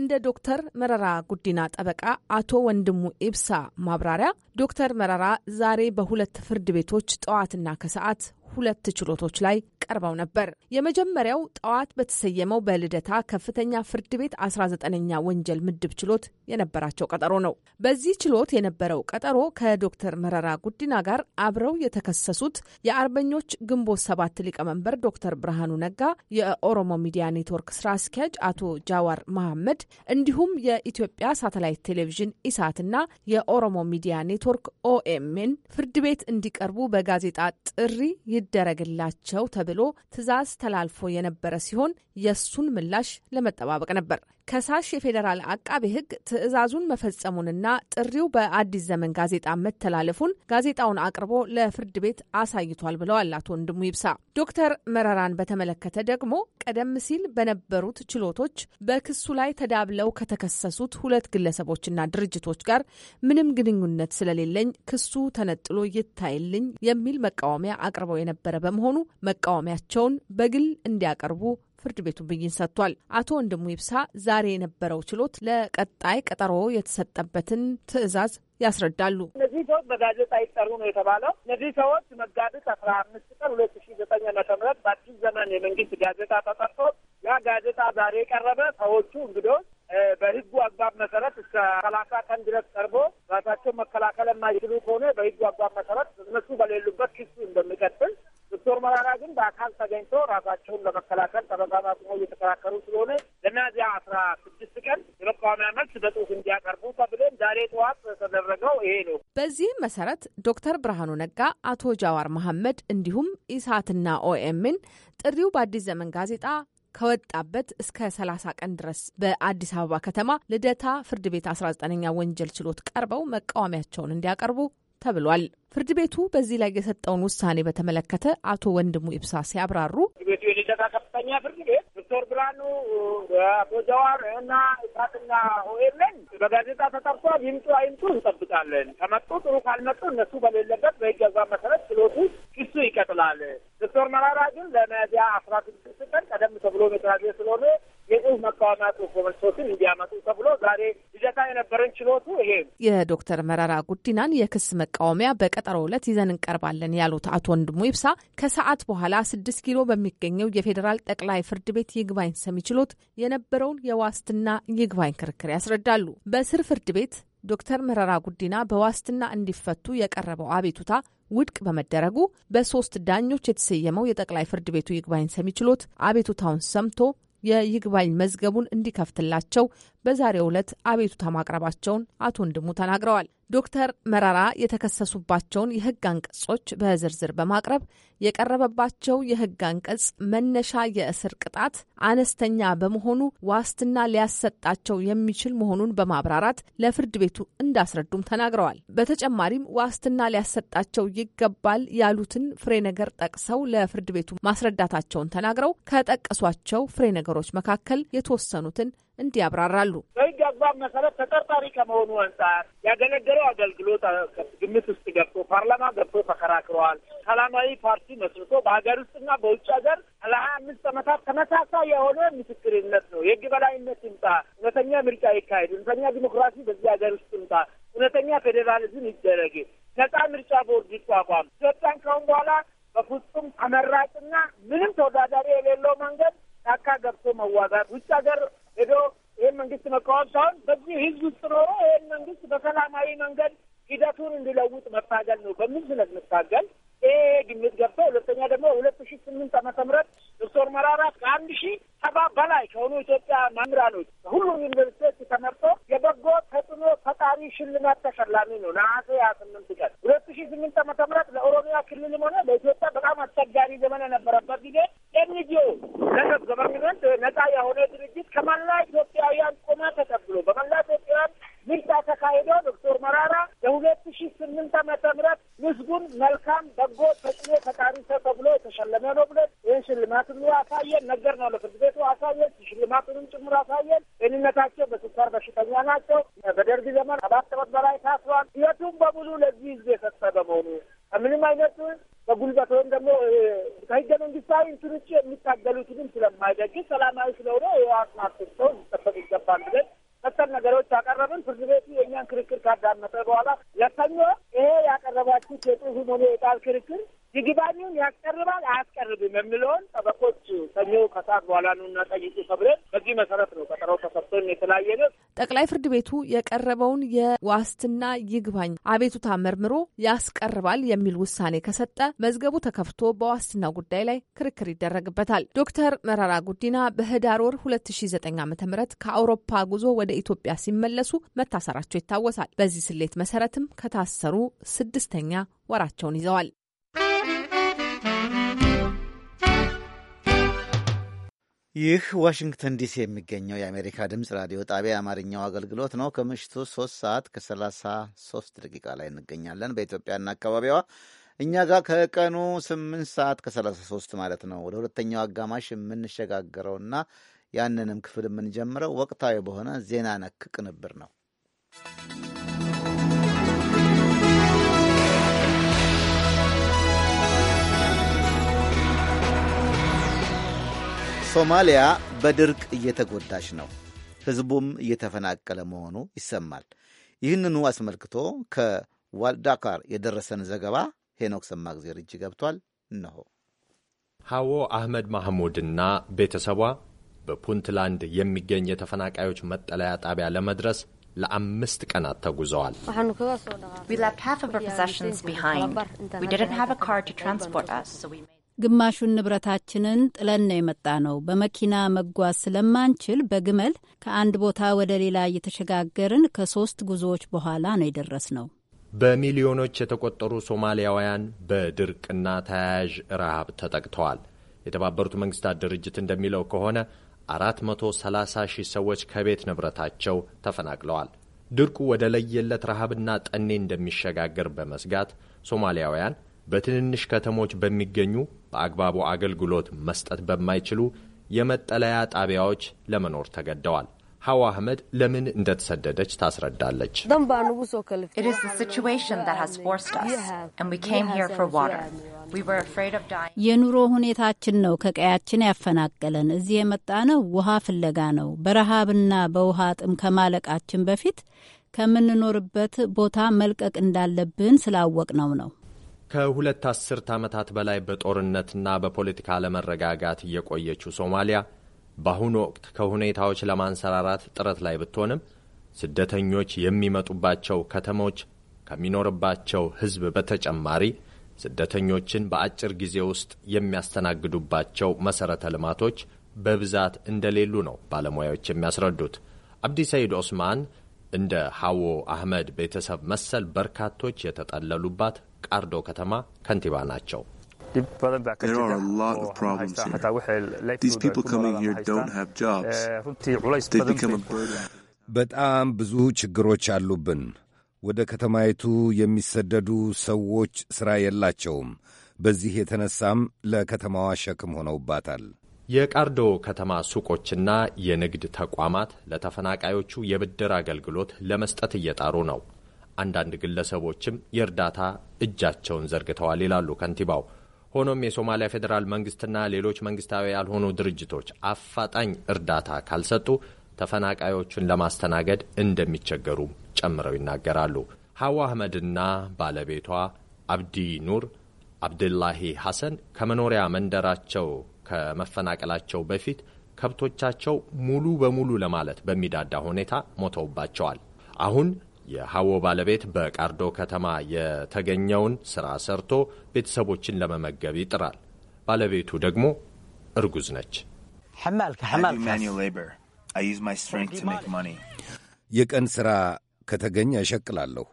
እንደ ዶክተር መረራ ጉዲና ጠበቃ አቶ ወንድሙ ኢብሳ ማብራሪያ ዶክተር መረራ ዛሬ በሁለት ፍርድ ቤቶች ጠዋትና ከሰዓት ሁለት ችሎቶች ላይ ቀርበው ነበር። የመጀመሪያው ጠዋት በተሰየመው በልደታ ከፍተኛ ፍርድ ቤት 19ኛ ወንጀል ምድብ ችሎት የነበራቸው ቀጠሮ ነው። በዚህ ችሎት የነበረው ቀጠሮ ከዶክተር መረራ ጉዲና ጋር አብረው የተከሰሱት የአርበኞች ግንቦት ሰባት ሊቀመንበር ዶክተር ብርሃኑ ነጋ፣ የኦሮሞ ሚዲያ ኔትወርክ ስራ አስኪያጅ አቶ ጃዋር መሐመድ እንዲሁም የኢትዮጵያ ሳተላይት ቴሌቪዥን ኢሳትና የኦሮሞ ሚዲያ ኔትወርክ ኦኤምኤን ፍርድ ቤት እንዲቀርቡ በጋዜጣ ጥሪ ይደረግላቸው ተብሎ ትዕዛዝ ተላልፎ የነበረ ሲሆን የእሱን ምላሽ ለመጠባበቅ ነበር። ከሳሽ የፌዴራል አቃቤ ሕግ ትዕዛዙን መፈጸሙንና ጥሪው በአዲስ ዘመን ጋዜጣ መተላለፉን ጋዜጣውን አቅርቦ ለፍርድ ቤት አሳይቷል ብለዋል አቶ ወንድሙ ይብሳ። ዶክተር መረራን በተመለከተ ደግሞ ቀደም ሲል በነበሩት ችሎቶች በክሱ ላይ ተዳብለው ከተከሰሱት ሁለት ግለሰቦችና ድርጅቶች ጋር ምንም ግንኙነት ስለሌለኝ ክሱ ተነጥሎ ይታይልኝ የሚል መቃወሚያ አቅርበው የነበረ በመሆኑ መቃወሚያቸውን በግል እንዲያቀርቡ ፍርድ ቤቱ ብይን ሰጥቷል። አቶ ወንድሙ ይብሳ ዛሬ የነበረው ችሎት ለቀጣይ ቀጠሮ የተሰጠበትን ትዕዛዝ ያስረዳሉ። እነዚህ ሰዎች በጋዜጣ ይጠሩ ነው የተባለው። እነዚህ ሰዎች መጋቢት አስራ አምስት ቀን ሁለት ሺ ዘጠኝ ዓመተ ምህረት በአዲስ ዘመን የመንግስት ጋዜጣ ተጠርቶ ያ ጋዜጣ ዛሬ የቀረበ ሰዎቹ እንግዶች በህጉ አግባብ መሰረት እስከ ሰላሳ ቀን ድረስ ቀርቦ ራሳቸው መከላከል የማይችሉ ከሆነ በህጉ አግባብ መሰረት እነሱ በሌሉበት ክሱ እንደሚቀጥል ዶክተር መራራ ግን በአካል ተገኝቶ ራሳቸውን ለመከላከል ጠበቃ አቁሞ እየተከራከሩ ስለሆነ ለእናዚያ አስራ ስድስት ቀን የመቃወሚያ መልስ በጽሁፍ እንዲያቀርቡ ተብለን ዛሬ ጠዋት ተደረገው ይሄ ነው። በዚህም መሰረት ዶክተር ብርሃኑ ነጋ፣ አቶ ጃዋር መሐመድ እንዲሁም ኢሳትና ኦኤምን ጥሪው በአዲስ ዘመን ጋዜጣ ከወጣበት እስከ 30 ቀን ድረስ በአዲስ አበባ ከተማ ልደታ ፍርድ ቤት 19ኛ ወንጀል ችሎት ቀርበው መቃወሚያቸውን እንዲያቀርቡ ተብሏል። ፍርድ ቤቱ በዚህ ላይ የሰጠውን ውሳኔ በተመለከተ አቶ ወንድሙ ኢብሳ ሲያብራሩ ፍርድ ቤቱ የልደታ ከፍተኛ ፍርድ ቤት ዶክተር ብርሃኑ አቶ ጀዋር እና እሳትና ሆኤለን በጋዜጣ ተጠርቷል። ይምጡ አይምጡ እንጠብቃለን። ከመጡ ጥሩ፣ ካልመጡ እነሱ በሌለበት በይገዛ መሰረት ችሎቱ ክሱ ይቀጥላል። ዶክተር መራራ ግን ለሚያዝያ አስራ ስድስት ቀን ቀደም ተብሎ ሜትራጌ ስለሆነ የጽሁፍ መቃወሚያ ጽሁፍ እንዲያመጡ ተብሎ ዛሬ ይዘታ የነበረን ችሎቱ ይሄ የዶክተር መረራ ጉዲናን የክስ መቃወሚያ በቀጠሮ ዕለት ይዘን እንቀርባለን ያሉት አቶ ወንድሙ ይብሳ ከሰዓት በኋላ ስድስት ኪሎ በሚገኘው የፌዴራል ጠቅላይ ፍርድ ቤት ይግባኝ ሰሚ ችሎት የነበረውን የዋስትና ይግባኝ ክርክር ያስረዳሉ። በስር ፍርድ ቤት ዶክተር መረራ ጉዲና በዋስትና እንዲፈቱ የቀረበው አቤቱታ ውድቅ በመደረጉ በሶስት ዳኞች የተሰየመው የጠቅላይ ፍርድ ቤቱ ይግባኝ ሰሚ ችሎት አቤቱታውን ሰምቶ የይግባኝ መዝገቡን እንዲከፍትላቸው በዛሬው ዕለት አቤቱታ ማቅረባቸውን አቶ ወንድሙ ተናግረዋል። ዶክተር መራራ የተከሰሱባቸውን የህግ አንቀጾች በዝርዝር በማቅረብ የቀረበባቸው የህግ አንቀጽ መነሻ የእስር ቅጣት አነስተኛ በመሆኑ ዋስትና ሊያሰጣቸው የሚችል መሆኑን በማብራራት ለፍርድ ቤቱ እንዳስረዱም ተናግረዋል። በተጨማሪም ዋስትና ሊያሰጣቸው ይገባል ያሉትን ፍሬ ነገር ጠቅሰው ለፍርድ ቤቱ ማስረዳታቸውን ተናግረው ከጠቀሷቸው ፍሬ ነገሮች መካከል የተወሰኑትን እንዲህ ያብራራሉ። በህግ አግባብ መሰረት ተጠርጣሪ ከመሆኑ አንጻር ያገለገለው አገልግሎት ግምት ውስጥ ገብቶ ፓርላማ ገብቶ ተከራክረዋል። ሰላማዊ ፓርቲ መስርቶ በሀገር ውስጥና በውጭ ሀገር ለሀያ አምስት ዓመታት ተመሳሳይ የሆነ ምስክርነት ነው። የህግ በላይነት ይምጣ፣ እውነተኛ ምርጫ ይካሄድ፣ እውነተኛ ዲሞክራሲ በዚህ ሀገር ውስጥ ይምጣ፣ እውነተኛ ፌዴራሊዝም ይደረግ፣ ነጻ ምርጫ ቦርድ ይቋቋም። ኢትዮጵያን ከአሁን በኋላ በፍጹም ተመራጭና ምንም ተወዳዳሪ የሌለው መንገድ ጫካ ገብቶ መዋጋት ውጭ ሀገር ሄዶ ይህን መንግስት መቃወም ሳይሆን በዚህ ህዝብ ውስጥ ኖሮ ይህን መንግስት በሰላማዊ መንገድ ሂደቱን እንዲለውጥ መታገል ነው በምን በሚል መታገል ይሄ ግምት ገብቶ ሁለተኛ ደግሞ ሁለት ሺ ስምንት ዓመተ ምህረት ዶክተር መራራ ከአንድ ሺ ሰባ በላይ ከሆኑ ኢትዮጵያ መምህራኖች ሁሉም ዩኒቨርሲቲዎች ተመርጦ የበጎ ተጽዕኖ ፈጣሪ ሽልማት ተሸላሚ ነው። ነሐሴ ሀያ ስምንት ቀን ሁለት ሺ ስምንት ዓመተ ምህረት ለኦሮሚያ ክልልም ሆነ ለኢትዮጵያ በጣም አስቸጋሪ ዘመን የነበረበት ጊዜ ኤንጂኦ ለሰብ ገቨርንመንት ነጻ የሆነ ድርጅት ከመላ ኢትዮጵያውያን ቆማ ተቀብሎ በመላ በጎ ተጽዕኖ ፈጣሪ ሰው ተብሎ የተሸለመ ነው ብለን ይህን ሽልማት ያሳየን ነገር ነው። ለፍርድ ቤቱ አሳየን፣ ሽልማቱንም ጭምር አሳየን። ጤንነታቸው በስኳር በሽተኛ ናቸው። በደርግ ዘመን ሰባት ዓመት በላይ ታስሯል። ህይወቱም በሙሉ ለዚህ ህዝብ የሰጠ በመሆኑ ከምንም አይነት በጉልበት ወይም ደግሞ ከህገ መንግስታዊ እንትን የሚታገሉትንም ስለማይደግ ሰላማዊ ስለሆነ የአስማርት ሰው ሊጠበቅ ይገባል ብለን መሰል ነገሮች አቀረብን። ፍርድ ቤቱ የእኛን ክርክር ካዳመጠ በኋላ ለሰኞ ሁኖ የጣል ክርክር ይግባኙን ያቀርባል አያስቀርብም የሚለውን ጠበቆች ሰኞ ከሰዓት በኋላ ኑና ጠይቁ ተብለን በዚህ መሰረት ነው ቀጠሮ ተሰጥቶን የተለያየ ነው። ጠቅላይ ፍርድ ቤቱ የቀረበውን የዋስትና ይግባኝ አቤቱታ መርምሮ ያስቀርባል የሚል ውሳኔ ከሰጠ መዝገቡ ተከፍቶ በዋስትና ጉዳይ ላይ ክርክር ይደረግበታል። ዶክተር መራራ ጉዲና በህዳር ወር 2009 ዓ.ም ከአውሮፓ ጉዞ ወደ ኢትዮጵያ ሲመለሱ መታሰራቸው ይታወሳል። በዚህ ስሌት መሰረትም ከታሰሩ ስድስተኛ ወራቸውን ይዘዋል። ይህ ዋሽንግተን ዲሲ የሚገኘው የአሜሪካ ድምፅ ራዲዮ ጣቢያ የአማርኛው አገልግሎት ነው። ከምሽቱ 3 ሰዓት ከ33 ደቂቃ ላይ እንገኛለን በኢትዮጵያና አካባቢዋ። እኛ ጋር ከቀኑ 8 ሰዓት ከ33 ማለት ነው። ወደ ሁለተኛው አጋማሽ የምንሸጋገረውና ያንንም ክፍል የምንጀምረው ወቅታዊ በሆነ ዜና ነክ ቅንብር ነው። ሶማሊያ በድርቅ እየተጎዳች ነው። ሕዝቡም እየተፈናቀለ መሆኑ ይሰማል። ይህንኑ አስመልክቶ ከዋልዳካር የደረሰን ዘገባ ሄኖክ ሰማግዜር እጅ ገብቷል። እነሆ ሐዎ አህመድ ማህሙድና ቤተሰቧ በፑንትላንድ የሚገኝ የተፈናቃዮች መጠለያ ጣቢያ ለመድረስ ለአምስት ቀናት ተጉዘዋል። We left half of our possessions behind. We didn't have a car to transport us, so we made ግማሹን ንብረታችንን ጥለን ነው የመጣ ነው። በመኪና መጓዝ ስለማንችል በግመል ከአንድ ቦታ ወደ ሌላ እየተሸጋገርን ከሶስት ጉዞዎች በኋላ ነው የደረስ ነው። በሚሊዮኖች የተቆጠሩ ሶማሊያውያን በድርቅና ተያያዥ ረሃብ ተጠቅተዋል። የተባበሩት መንግስታት ድርጅት እንደሚለው ከሆነ 430 ሺህ ሰዎች ከቤት ንብረታቸው ተፈናቅለዋል። ድርቁ ወደ ለየለት ረሃብና ጠኔ እንደሚሸጋገር በመስጋት ሶማሊያውያን በትንንሽ ከተሞች በሚገኙ በአግባቡ አገልግሎት መስጠት በማይችሉ የመጠለያ ጣቢያዎች ለመኖር ተገደዋል። ሐዋ አህመድ ለምን እንደተሰደደች ታስረዳለች። የኑሮ ሁኔታችን ነው ከቀያችን ያፈናቀለን። እዚህ የመጣነው ውሃ ፍለጋ ነው። በረሃብና በውሃ ጥም ከማለቃችን በፊት ከምንኖርበት ቦታ መልቀቅ እንዳለብን ስላወቅ ነው ከሁለት አስርት ዓመታት በላይ በጦርነትና በፖለቲካ አለመረጋጋት የቆየችው ሶማሊያ በአሁኑ ወቅት ከሁኔታዎች ለማንሰራራት ጥረት ላይ ብትሆንም ስደተኞች የሚመጡባቸው ከተሞች ከሚኖርባቸው ሕዝብ በተጨማሪ ስደተኞችን በአጭር ጊዜ ውስጥ የሚያስተናግዱባቸው መሠረተ ልማቶች በብዛት እንደሌሉ ነው ባለሙያዎች የሚያስረዱት። አብዲ ሰይድ ኦስማን እንደ ሐዎ አህመድ ቤተሰብ መሰል በርካቶች የተጠለሉባት ቃርዶ ከተማ ከንቲባ ናቸው። በጣም ብዙ ችግሮች አሉብን። ወደ ከተማይቱ የሚሰደዱ ሰዎች ሥራ የላቸውም። በዚህ የተነሳም ለከተማዋ ሸክም ሆነውባታል። የቃርዶ ከተማ ሱቆችና የንግድ ተቋማት ለተፈናቃዮቹ የብድር አገልግሎት ለመስጠት እየጣሩ ነው። አንዳንድ ግለሰቦችም የእርዳታ እጃቸውን ዘርግተዋል ይላሉ ከንቲባው። ሆኖም የሶማሊያ ፌዴራል መንግስትና ሌሎች መንግስታዊ ያልሆኑ ድርጅቶች አፋጣኝ እርዳታ ካልሰጡ ተፈናቃዮቹን ለማስተናገድ እንደሚቸገሩ ጨምረው ይናገራሉ። ሐዋ አህመድና ባለቤቷ አብዲ ኑር አብድላሂ ሐሰን ከመኖሪያ መንደራቸው ከመፈናቀላቸው በፊት ከብቶቻቸው ሙሉ በሙሉ ለማለት በሚዳዳ ሁኔታ ሞተውባቸዋል። አሁን የሀዎ ባለቤት በቃርዶ ከተማ የተገኘውን ስራ ሰርቶ ቤተሰቦችን ለመመገብ ይጥራል። ባለቤቱ ደግሞ እርጉዝ ነች። የቀን ሥራ ከተገኘ እሸቅላለሁ።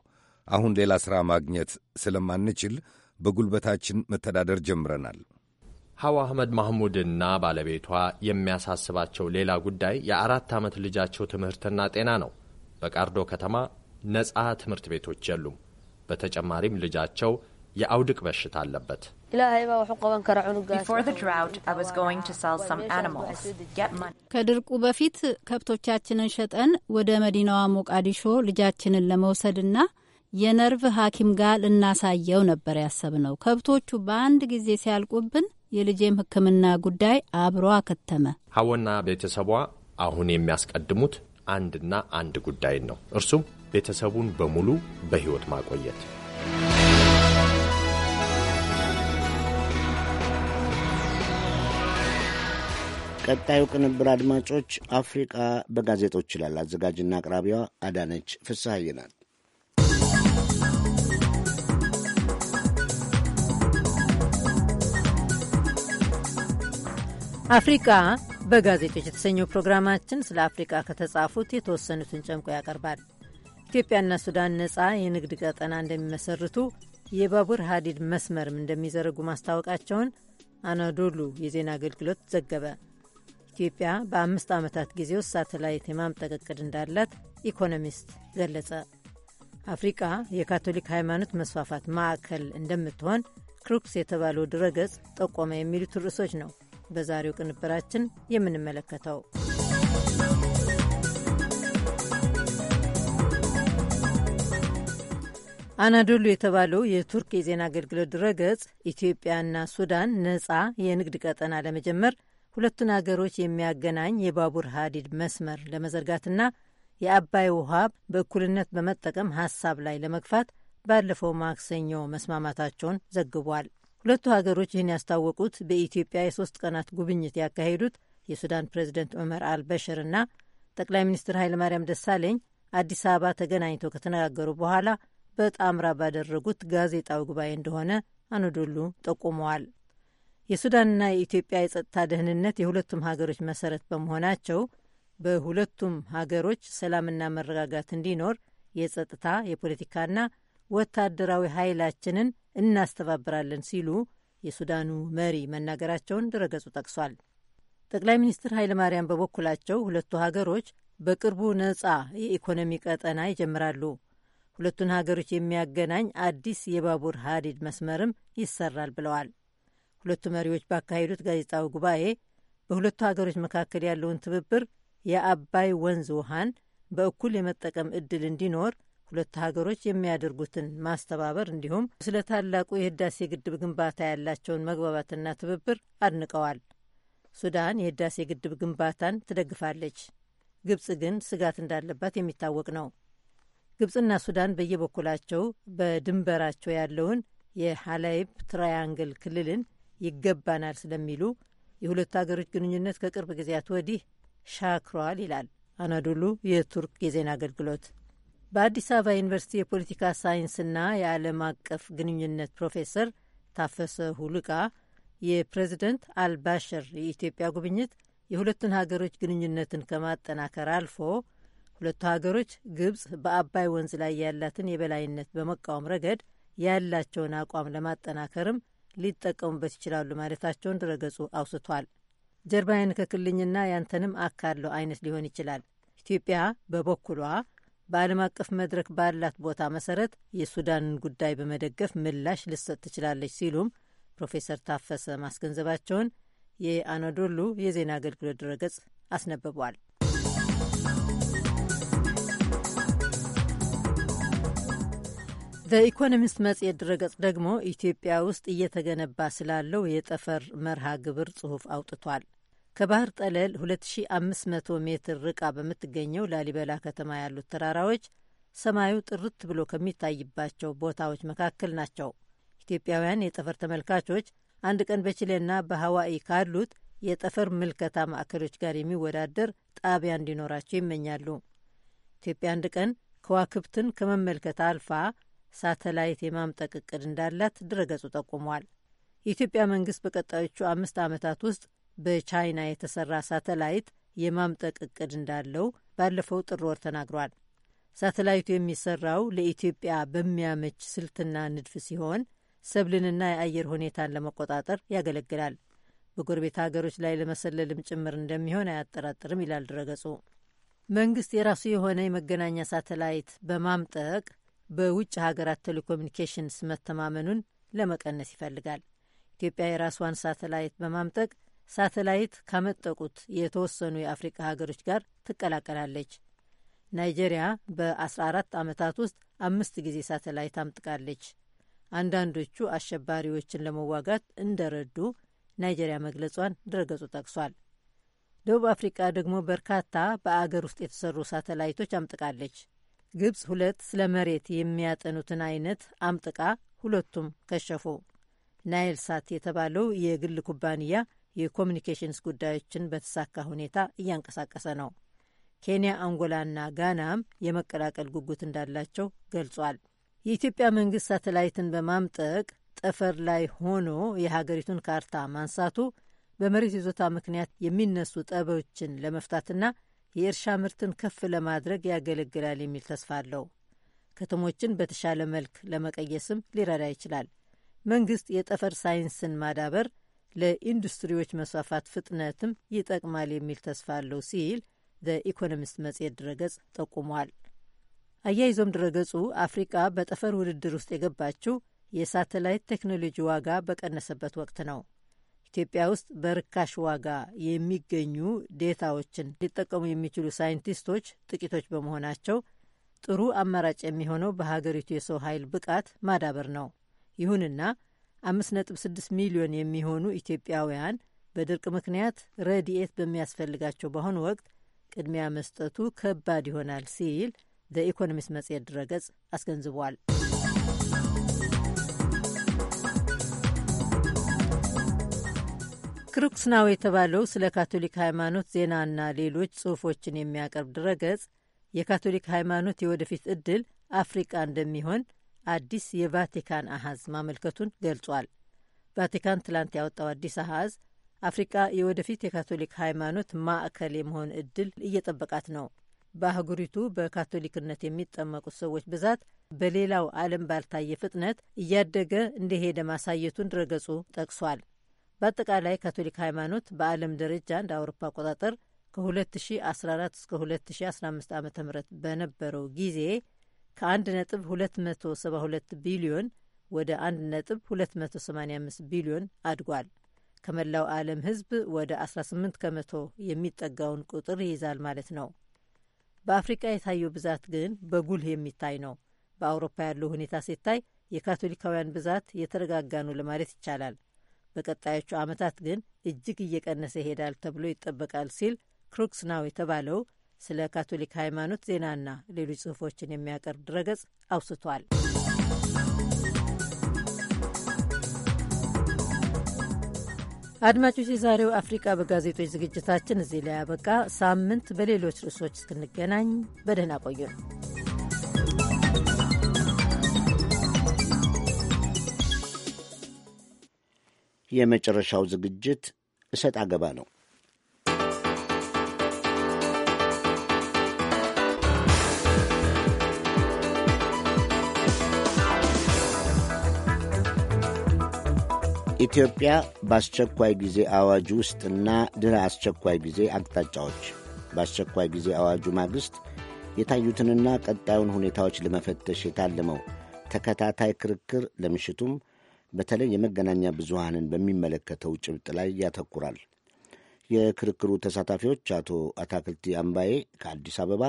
አሁን ሌላ ሥራ ማግኘት ስለማንችል በጉልበታችን መተዳደር ጀምረናል። ሐዋ አህመድ ማህሙድና ባለቤቷ የሚያሳስባቸው ሌላ ጉዳይ የአራት ዓመት ልጃቸው ትምህርትና ጤና ነው። በቃርዶ ከተማ ነፃ ትምህርት ቤቶች የሉም። በተጨማሪም ልጃቸው የአውድቅ በሽታ አለበት። ከድርቁ በፊት ከብቶቻችንን ሸጠን ወደ መዲናዋ ሞቃዲሾ ልጃችንን ለመውሰድና የነርቭ ሐኪም ጋር ልናሳየው ነበር ያሰብነው። ከብቶቹ በአንድ ጊዜ ሲያልቁብን የልጄም ሕክምና ጉዳይ አብሮ አከተመ። ሀወና ቤተሰቧ አሁን የሚያስቀድሙት አንድና አንድ ጉዳይን ነው እርሱም ቤተሰቡን በሙሉ በሕይወት ማቆየት። ቀጣዩ ቅንብር አድማጮች፣ አፍሪቃ በጋዜጦች ይላል። አዘጋጅና አቅራቢዋ አዳነች ፍስሐዬ ናት። አፍሪቃ በጋዜጦች የተሰኘው ፕሮግራማችን ስለ አፍሪቃ ከተጻፉት የተወሰኑትን ጨምቆ ያቀርባል። ኢትዮጵያና ሱዳን ነፃ የንግድ ቀጠና እንደሚመሰርቱ የባቡር ሀዲድ መስመርም እንደሚዘረጉ ማስታወቃቸውን አናዶሉ የዜና አገልግሎት ዘገበ። ኢትዮጵያ በአምስት ዓመታት ጊዜ ውስጥ ሳተላይት የማምጠቅ እቅድ እንዳላት ኢኮኖሚስት ገለጸ። አፍሪቃ የካቶሊክ ሃይማኖት መስፋፋት ማዕከል እንደምትሆን ክሩክስ የተባለው ድረገጽ ጠቆመ። የሚሉት ርዕሶች ነው በዛሬው ቅንብራችን የምንመለከተው። አናዶሉ የተባለው የቱርክ የዜና አገልግሎት ድረገጽ ኢትዮጵያና ሱዳን ነጻ የንግድ ቀጠና ለመጀመር ሁለቱን አገሮች የሚያገናኝ የባቡር ሀዲድ መስመር ለመዘርጋትና የአባይ ውሃ በእኩልነት በመጠቀም ሀሳብ ላይ ለመግፋት ባለፈው ማክሰኞ መስማማታቸውን ዘግቧል። ሁለቱ ሀገሮች ይህን ያስታወቁት በኢትዮጵያ የሶስት ቀናት ጉብኝት ያካሄዱት የሱዳን ፕሬዚደንት ዑመር አልበሽር እና ጠቅላይ ሚኒስትር ኃይለማርያም ደሳለኝ አዲስ አበባ ተገናኝተው ከተነጋገሩ በኋላ በጣምራ ባደረጉት ጋዜጣዊ ጉባኤ እንደሆነ አኖዶሉ ጠቁመዋል። የሱዳንና የኢትዮጵያ የጸጥታ ደህንነት የሁለቱም ሀገሮች መሰረት በመሆናቸው በሁለቱም ሀገሮች ሰላምና መረጋጋት እንዲኖር የጸጥታ የፖለቲካና ወታደራዊ ኃይላችንን እናስተባብራለን ሲሉ የሱዳኑ መሪ መናገራቸውን ድረገጹ ጠቅሷል። ጠቅላይ ሚኒስትር ኃይለ ማርያም በበኩላቸው ሁለቱ ሀገሮች በቅርቡ ነጻ የኢኮኖሚ ቀጠና ይጀምራሉ፣ ሁለቱን ሀገሮች የሚያገናኝ አዲስ የባቡር ሀዲድ መስመርም ይሰራል ብለዋል። ሁለቱ መሪዎች ባካሄዱት ጋዜጣዊ ጉባኤ በሁለቱ ሀገሮች መካከል ያለውን ትብብር የአባይ ወንዝ ውሃን በእኩል የመጠቀም እድል እንዲኖር ሁለቱ ሀገሮች የሚያደርጉትን ማስተባበር እንዲሁም ስለ ታላቁ የህዳሴ ግድብ ግንባታ ያላቸውን መግባባትና ትብብር አድንቀዋል። ሱዳን የህዳሴ ግድብ ግንባታን ትደግፋለች። ግብጽ ግን ስጋት እንዳለባት የሚታወቅ ነው። ግብጽና ሱዳን በየበኩላቸው በድንበራቸው ያለውን የሃላይብ ትራያንግል ክልልን ይገባናል ስለሚሉ የሁለቱ አገሮች ግንኙነት ከቅርብ ጊዜያት ወዲህ ሻክሯል ይላል አናዶሉ የቱርክ የዜና አገልግሎት። በአዲስ አበባ ዩኒቨርሲቲ የፖለቲካ ሳይንስና የዓለም አቀፍ ግንኙነት ፕሮፌሰር ታፈሰ ሁልቃ የፕሬዚደንት አልባሽር የኢትዮጵያ ጉብኝት የሁለቱን ሀገሮች ግንኙነትን ከማጠናከር አልፎ ሁለቱ ሀገሮች ግብጽ በአባይ ወንዝ ላይ ያላትን የበላይነት በመቃወም ረገድ ያላቸውን አቋም ለማጠናከርም ሊጠቀሙበት ይችላሉ ማለታቸውን ድረገጹ አውስቷል። ጀርባዬን ከክልኝና ያንተንም አካለው አይነት ሊሆን ይችላል። ኢትዮጵያ በበኩሏ በዓለም አቀፍ መድረክ ባላት ቦታ መሰረት የሱዳንን ጉዳይ በመደገፍ ምላሽ ልሰጥ ትችላለች ሲሉም ፕሮፌሰር ታፈሰ ማስገንዘባቸውን የአናዶሉ የዜና አገልግሎት ድረገጽ አስነብቧል። በኢኮኖሚስት መጽሔት ድረገጽ ደግሞ ኢትዮጵያ ውስጥ እየተገነባ ስላለው የጠፈር መርሃ ግብር ጽሑፍ አውጥቷል። ከባህር ጠለል 2500 ሜትር ርቃ በምትገኘው ላሊበላ ከተማ ያሉት ተራራዎች ሰማዩ ጥርት ብሎ ከሚታይባቸው ቦታዎች መካከል ናቸው። ኢትዮጵያውያን የጠፈር ተመልካቾች አንድ ቀን በቺሌና በሐዋይ ካሉት የጠፈር ምልከታ ማዕከሎች ጋር የሚወዳደር ጣቢያ እንዲኖራቸው ይመኛሉ። ኢትዮጵያ አንድ ቀን ከዋክብትን ከመመልከት አልፋ ሳተላይት የማምጠቅ እቅድ እንዳላት ድረገጹ ጠቁሟል። የኢትዮጵያ መንግስት በቀጣዮቹ አምስት ዓመታት ውስጥ በቻይና የተሰራ ሳተላይት የማምጠቅ እቅድ እንዳለው ባለፈው ጥር ወር ተናግሯል። ሳተላይቱ የሚሰራው ለኢትዮጵያ በሚያመች ስልትና ንድፍ ሲሆን ሰብልንና የአየር ሁኔታን ለመቆጣጠር ያገለግላል። በጎረቤት ሀገሮች ላይ ለመሰለልም ጭምር እንደሚሆን አያጠራጥርም ይላል ድረገጹ። መንግስት የራሱ የሆነ የመገናኛ ሳተላይት በማምጠቅ በውጭ ሀገራት ቴሌኮሚኒኬሽንስ መተማመኑን ለመቀነስ ይፈልጋል። ኢትዮጵያ የራሷን ሳተላይት በማምጠቅ ሳተላይት ካመጠቁት የተወሰኑ የአፍሪቃ ሀገሮች ጋር ትቀላቀላለች። ናይጄሪያ በ14 ዓመታት ውስጥ አምስት ጊዜ ሳተላይት አምጥቃለች። አንዳንዶቹ አሸባሪዎችን ለመዋጋት እንደረዱ ናይጄሪያ መግለጿን ድረገጹ ጠቅሷል። ደቡብ አፍሪቃ ደግሞ በርካታ በአገር ውስጥ የተሰሩ ሳተላይቶች አምጥቃለች። ግብፅ ሁለት ስለ መሬት የሚያጠኑትን አይነት አምጥቃ ሁለቱም ከሸፉ። ናይል ሳት የተባለው የግል ኩባንያ የኮሚኒኬሽንስ ጉዳዮችን በተሳካ ሁኔታ እያንቀሳቀሰ ነው። ኬንያ፣ አንጎላና ጋናም የመቀላቀል ጉጉት እንዳላቸው ገልጿል። የኢትዮጵያ መንግስት ሳተላይትን በማምጠቅ ጠፈር ላይ ሆኖ የሀገሪቱን ካርታ ማንሳቱ በመሬት ይዞታ ምክንያት የሚነሱ ጠበዎችን ለመፍታትና የእርሻ ምርትን ከፍ ለማድረግ ያገለግላል የሚል ተስፋ አለው። ከተሞችን በተሻለ መልክ ለመቀየስም ሊረዳ ይችላል። መንግስት የጠፈር ሳይንስን ማዳበር ለኢንዱስትሪዎች መስፋፋት ፍጥነትም ይጠቅማል የሚል ተስፋ አለው ሲል በኢኮኖሚስት መጽሔት ድረገጽ ጠቁሟል። አያይዞም ድረገጹ አፍሪቃ በጠፈር ውድድር ውስጥ የገባችው የሳተላይት ቴክኖሎጂ ዋጋ በቀነሰበት ወቅት ነው። ኢትዮጵያ ውስጥ በርካሽ ዋጋ የሚገኙ ዴታዎችን ሊጠቀሙ የሚችሉ ሳይንቲስቶች ጥቂቶች በመሆናቸው ጥሩ አማራጭ የሚሆነው በሀገሪቱ የሰው ኃይል ብቃት ማዳበር ነው። ይሁንና 5.6 ሚሊዮን የሚሆኑ ኢትዮጵያውያን በድርቅ ምክንያት ረድኤት በሚያስፈልጋቸው በአሁኑ ወቅት ቅድሚያ መስጠቱ ከባድ ይሆናል ሲል ዘኢኮኖሚስት መጽሔት ድረገጽ አስገንዝቧል። ክሩክስ ናው የተባለው ስለ ካቶሊክ ሃይማኖት ዜናና ሌሎች ጽሑፎችን የሚያቀርብ ድረገጽ የካቶሊክ ሃይማኖት የወደፊት እድል አፍሪቃ እንደሚሆን አዲስ የቫቲካን አሃዝ ማመልከቱን ገልጿል። ቫቲካን ትላንት ያወጣው አዲስ አሃዝ አፍሪቃ የወደፊት የካቶሊክ ሃይማኖት ማዕከል የመሆን እድል እየጠበቃት ነው። በአህጉሪቱ በካቶሊክነት የሚጠመቁት ሰዎች ብዛት በሌላው ዓለም ባልታየ ፍጥነት እያደገ እንደሄደ ማሳየቱን ድረገጹ ጠቅሷል። በአጠቃላይ ካቶሊክ ሃይማኖት በዓለም ደረጃ እንደ አውሮፓ አቆጣጠር ከ2014 እስከ 2015 ዓ ም በነበረው ጊዜ ከ1.272 ቢሊዮን ወደ 1.285 ቢሊዮን አድጓል። ከመላው ዓለም ሕዝብ ወደ 18 ከመቶ የሚጠጋውን ቁጥር ይይዛል ማለት ነው። በአፍሪቃ የታየው ብዛት ግን በጉልህ የሚታይ ነው። በአውሮፓ ያለው ሁኔታ ሲታይ የካቶሊካውያን ብዛት የተረጋጋ ነው ለማለት ይቻላል። በቀጣዮቹ ዓመታት ግን እጅግ እየቀነሰ ይሄዳል ተብሎ ይጠበቃል ሲል ክሩክስ ናው የተባለው ስለ ካቶሊክ ሃይማኖት ዜናና ሌሎች ጽሑፎችን የሚያቀርብ ድረገጽ አውስቷል። አድማጮች፣ የዛሬው አፍሪቃ በጋዜጦች ዝግጅታችን እዚህ ላይ ያበቃ። ሳምንት በሌሎች ርዕሶች እስክንገናኝ በደህና ቆዩ። የመጨረሻው ዝግጅት እሰጥ አገባ ነው። ኢትዮጵያ በአስቸኳይ ጊዜ አዋጅ ውስጥና ድረ አስቸኳይ ጊዜ አቅጣጫዎች በአስቸኳይ ጊዜ አዋጁ ማግስት የታዩትንና ቀጣዩን ሁኔታዎች ለመፈተሽ የታለመው ተከታታይ ክርክር ለምሽቱም በተለይ የመገናኛ ብዙሃንን በሚመለከተው ጭብጥ ላይ ያተኩራል። የክርክሩ ተሳታፊዎች አቶ አታክልቲ አምባዬ ከአዲስ አበባ፣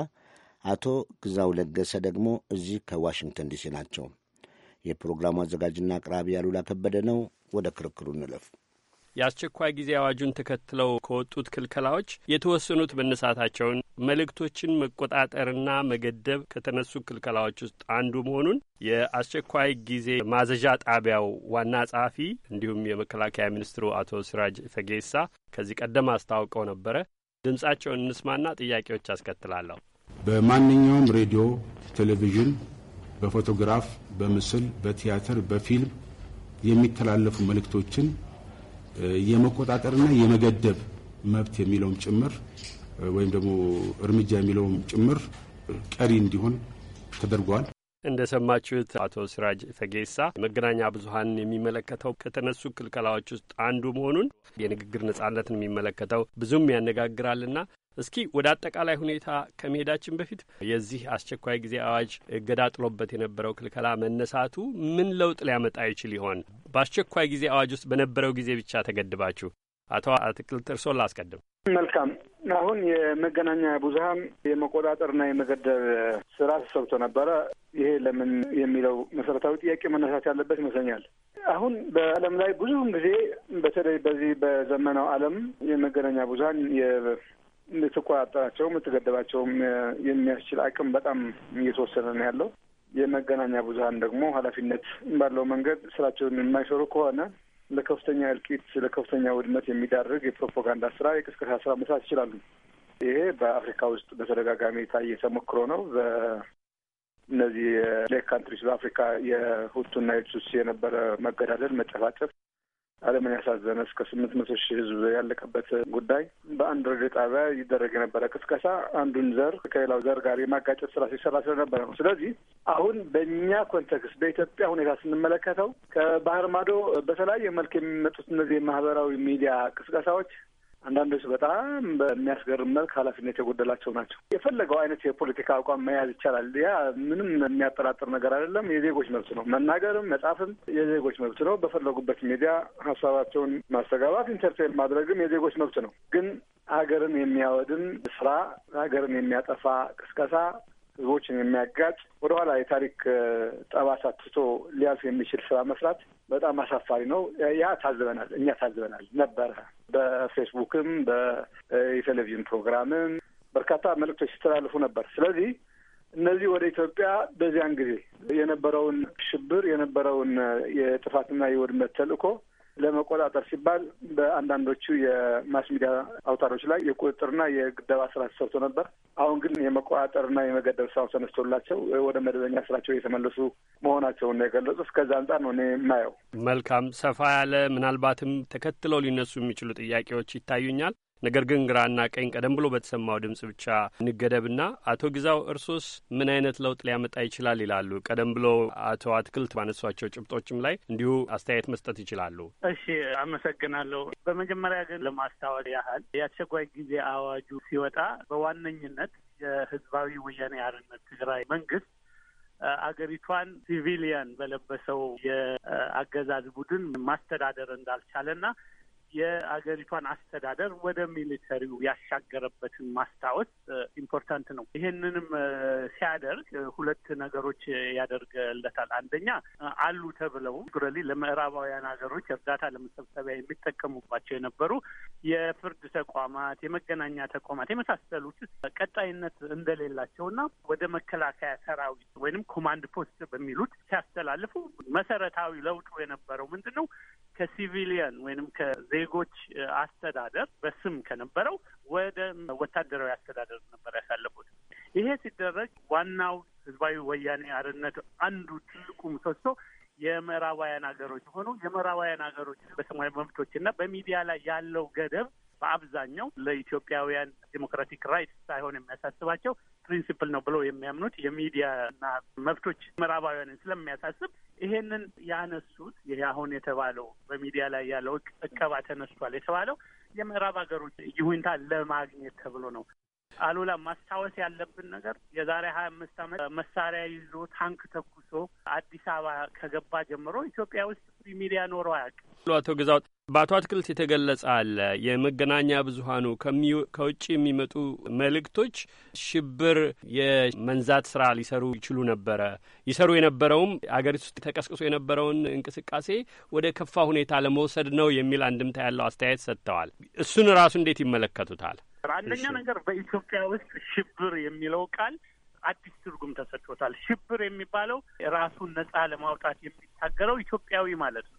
አቶ ግዛው ለገሰ ደግሞ እዚህ ከዋሽንግተን ዲሲ ናቸው። የፕሮግራሙ አዘጋጅና አቅራቢ ያሉላ ከበደ ነው። ወደ ክርክሩ እንለፍ። የአስቸኳይ ጊዜ አዋጁን ተከትለው ከወጡት ክልከላዎች የተወሰኑት መነሳታቸውን መልእክቶችን መቆጣጠርና መገደብ ከተነሱ ክልከላዎች ውስጥ አንዱ መሆኑን የአስቸኳይ ጊዜ ማዘዣ ጣቢያው ዋና ጸሐፊ እንዲሁም የመከላከያ ሚኒስትሩ አቶ ሲራጅ ፈጌሳ ከዚህ ቀደም አስታውቀው ነበረ። ድምጻቸውን እንስማና ጥያቄዎች አስከትላለሁ። በማንኛውም ሬዲዮ፣ ቴሌቪዥን፣ በፎቶግራፍ፣ በምስል፣ በቲያትር፣ በፊልም የሚተላለፉ መልእክቶችን የመቆጣጠርና የመገደብ መብት የሚለውም ጭምር ወይም ደግሞ እርምጃ የሚለውም ጭምር ቀሪ እንዲሆን ተደርጓል። እንደ ሰማችሁት አቶ ሲራጅ ፈጌሳ መገናኛ ብዙኃን የሚመለከተው ከተነሱ ክልከላዎች ውስጥ አንዱ መሆኑን የንግግር ነጻነትን የሚመለከተው ብዙም ያነጋግራልና እስኪ ወደ አጠቃላይ ሁኔታ ከመሄዳችን በፊት የዚህ አስቸኳይ ጊዜ አዋጅ እገዳ ጥሎበት የነበረው ክልከላ መነሳቱ ምን ለውጥ ሊያመጣ ይችል ይሆን? በአስቸኳይ ጊዜ አዋጅ ውስጥ በነበረው ጊዜ ብቻ ተገድባችሁ። አቶ አትክልት እርስዎን ላስቀድም። መልካም። አሁን የመገናኛ ብዙኃን የመቆጣጠርና የመገደብ ስራ ተሰብቶ ነበረ። ይሄ ለምን የሚለው መሰረታዊ ጥያቄ መነሳት ያለበት ይመስለኛል። አሁን በዓለም ላይ ብዙውን ጊዜ በተለይ በዚህ በዘመናው ዓለም የመገናኛ ብዙኃን የምትቆጣጠራቸውም የምትገደባቸውም የሚያስችል አቅም በጣም እየተወሰነ ነው ያለው። የመገናኛ ብዙሀን ደግሞ ኃላፊነት ባለው መንገድ ስራቸውን የማይሰሩ ከሆነ ለከፍተኛ እልቂት፣ ለከፍተኛ ውድመት የሚዳርግ የፕሮፓጋንዳ ስራ፣ የቅስቀሳ ስራ መስራት ይችላሉ። ይሄ በአፍሪካ ውስጥ በተደጋጋሚ የታየ ተሞክሮ ነው። በእነዚህ የሌክ ካንትሪስ በአፍሪካ የሁቱና የቱትሲ የነበረ መገዳደል፣ መጨፋጨፍ ዓለምን ያሳዘነ እስከ ስምንት መቶ ሺህ ህዝብ ያለቀበት ጉዳይ በአንድ ሬዲዮ ጣቢያ ይደረግ የነበረ ቅስቀሳ አንዱን ዘር ከሌላው ዘር ጋር የማጋጨት ስራ ሲሰራ ስለነበረ ነው። ስለዚህ አሁን በእኛ ኮንቴክስት በኢትዮጵያ ሁኔታ ስንመለከተው ከባህር ማዶ በተለያየ መልክ የሚመጡት እነዚህ የማህበራዊ ሚዲያ ቅስቀሳዎች አንዳንዶች በጣም በሚያስገርም መልክ ኃላፊነት የጎደላቸው ናቸው። የፈለገው አይነት የፖለቲካ አቋም መያዝ ይቻላል። ያ ምንም የሚያጠራጥር ነገር አይደለም። የዜጎች መብት ነው። መናገርም መጻፍም የዜጎች መብት ነው። በፈለጉበት ሚዲያ ሀሳባቸውን ማስተጋባት፣ ኢንተርቴን ማድረግም የዜጎች መብት ነው። ግን ሀገርን የሚያወድም ስራ ሀገርን የሚያጠፋ ቅስቀሳ ህዝቦችን የሚያጋጭ ወደኋላ የታሪክ ጠባሳ ትቶ ሊያልፍ የሚችል ስራ መስራት በጣም አሳፋሪ ነው። ያ ታዝበናል፣ እኛ ታዝበናል ነበረ። በፌስቡክም በየቴሌቪዥን ፕሮግራምም በርካታ መልእክቶች ሲተላልፉ ነበር። ስለዚህ እነዚህ ወደ ኢትዮጵያ በዚያን ጊዜ የነበረውን ሽብር የነበረውን የጥፋትና የውድመት ተልእኮ ለመቆጣጠር ሲባል በአንዳንዶቹ የማስ ሚዲያ አውታሮች ላይ የቁጥጥርና የግደባ ስራ ተሰርቶ ነበር። አሁን ግን የመቆጣጠርና የመገደብ ስራው ተነስቶላቸው ወደ መደበኛ ስራቸው የተመለሱ መሆናቸውን ነው የገለጹት። ከዛ አንጻር ነው እኔ የማየው። መልካም ሰፋ ያለ ምናልባትም ተከትለው ሊነሱ የሚችሉ ጥያቄዎች ይታዩኛል። ነገር ግን ግራና ቀኝ ቀደም ብሎ በተሰማው ድምጽ ብቻ እንገደብና አቶ ግዛው እርሶስ ምን አይነት ለውጥ ሊያመጣ ይችላል ይላሉ? ቀደም ብሎ አቶ አትክልት ባነሷቸው ጭብጦችም ላይ እንዲሁ አስተያየት መስጠት ይችላሉ። እሺ፣ አመሰግናለሁ። በመጀመሪያ ግን ለማስታወል ያህል የአስቸኳይ ጊዜ አዋጁ ሲወጣ በዋነኝነት የህዝባዊ ወያኔ ሓርነት ትግራይ መንግስት አገሪቷን ሲቪሊያን በለበሰው የአገዛዝ ቡድን ማስተዳደር እንዳልቻለና የአገሪቷን አስተዳደር ወደ ሚሊተሪው ያሻገረበትን ማስታወስ ኢምፖርታንት ነው። ይህንንም ሲያደርግ ሁለት ነገሮች ያደርግለታል። አንደኛ አሉ ተብለው ጉረሊ ለምዕራባውያን ሀገሮች እርዳታ ለመሰብሰቢያ የሚጠቀሙባቸው የነበሩ የፍርድ ተቋማት፣ የመገናኛ ተቋማት የመሳሰሉት ቀጣይነት እንደሌላቸው እና ወደ መከላከያ ሰራዊት ወይንም ኮማንድ ፖስት በሚሉት ሲያስተላልፉ መሰረታዊ ለውጡ የነበረው ምንድን ነው? ከሲቪሊየን ወይንም ከዜጎች አስተዳደር በስም ከነበረው ወደ ወታደራዊ አስተዳደር ነበር ያሳለፉት። ይሄ ሲደረግ ዋናው ህዝባዊ ወያኔ አርነት አንዱ ትልቁ ምሰሶ የምዕራባውያን ሀገሮች ሆኑ የምዕራባውያን ሀገሮች መብቶች እና በሚዲያ ላይ ያለው ገደብ በአብዛኛው ለኢትዮጵያውያን ዲሞክራቲክ ራይት ሳይሆን የሚያሳስባቸው ፕሪንሲፕል ነው ብለው የሚያምኑት የሚዲያና መብቶች ምዕራባውያንን ስለሚያሳስብ ይሄንን ያነሱት። ይሄ አሁን የተባለው በሚዲያ ላይ ያለው እቀባ ተነስቷል የተባለው የምዕራብ ሀገሮች ይሁንታ ለማግኘት ተብሎ ነው። አሉላ ማስታወስ ያለብን ነገር የዛሬ ሀያ አምስት አመት መሳሪያ ይዞ ታንክ ተኩሶ አዲስ አበባ ከገባ ጀምሮ ኢትዮጵያ ውስጥ ፍሪ ሚዲያ ኖሮ አያውቅም። አቶ ግዛው በአቶ አትክልት የተገለጸ አለ። የመገናኛ ብዙሀኑ ከውጭ የሚመጡ መልእክቶች ሽብር የመንዛት ስራ ሊሰሩ ይችሉ ነበረ። ይሰሩ የነበረውም አገሪቱ ውስጥ ተቀስቅሶ የነበረውን እንቅስቃሴ ወደ ከፋ ሁኔታ ለመውሰድ ነው የሚል አንድምታ ያለው አስተያየት ሰጥተዋል። እሱን ራሱ እንዴት ይመለከቱታል? አንደኛ ነገር በኢትዮጵያ ውስጥ ሽብር የሚለው ቃል አዲስ ትርጉም ተሰጥቶታል። ሽብር የሚባለው ራሱን ነጻ ለማውጣት የሚታገረው ኢትዮጵያዊ ማለት ነው።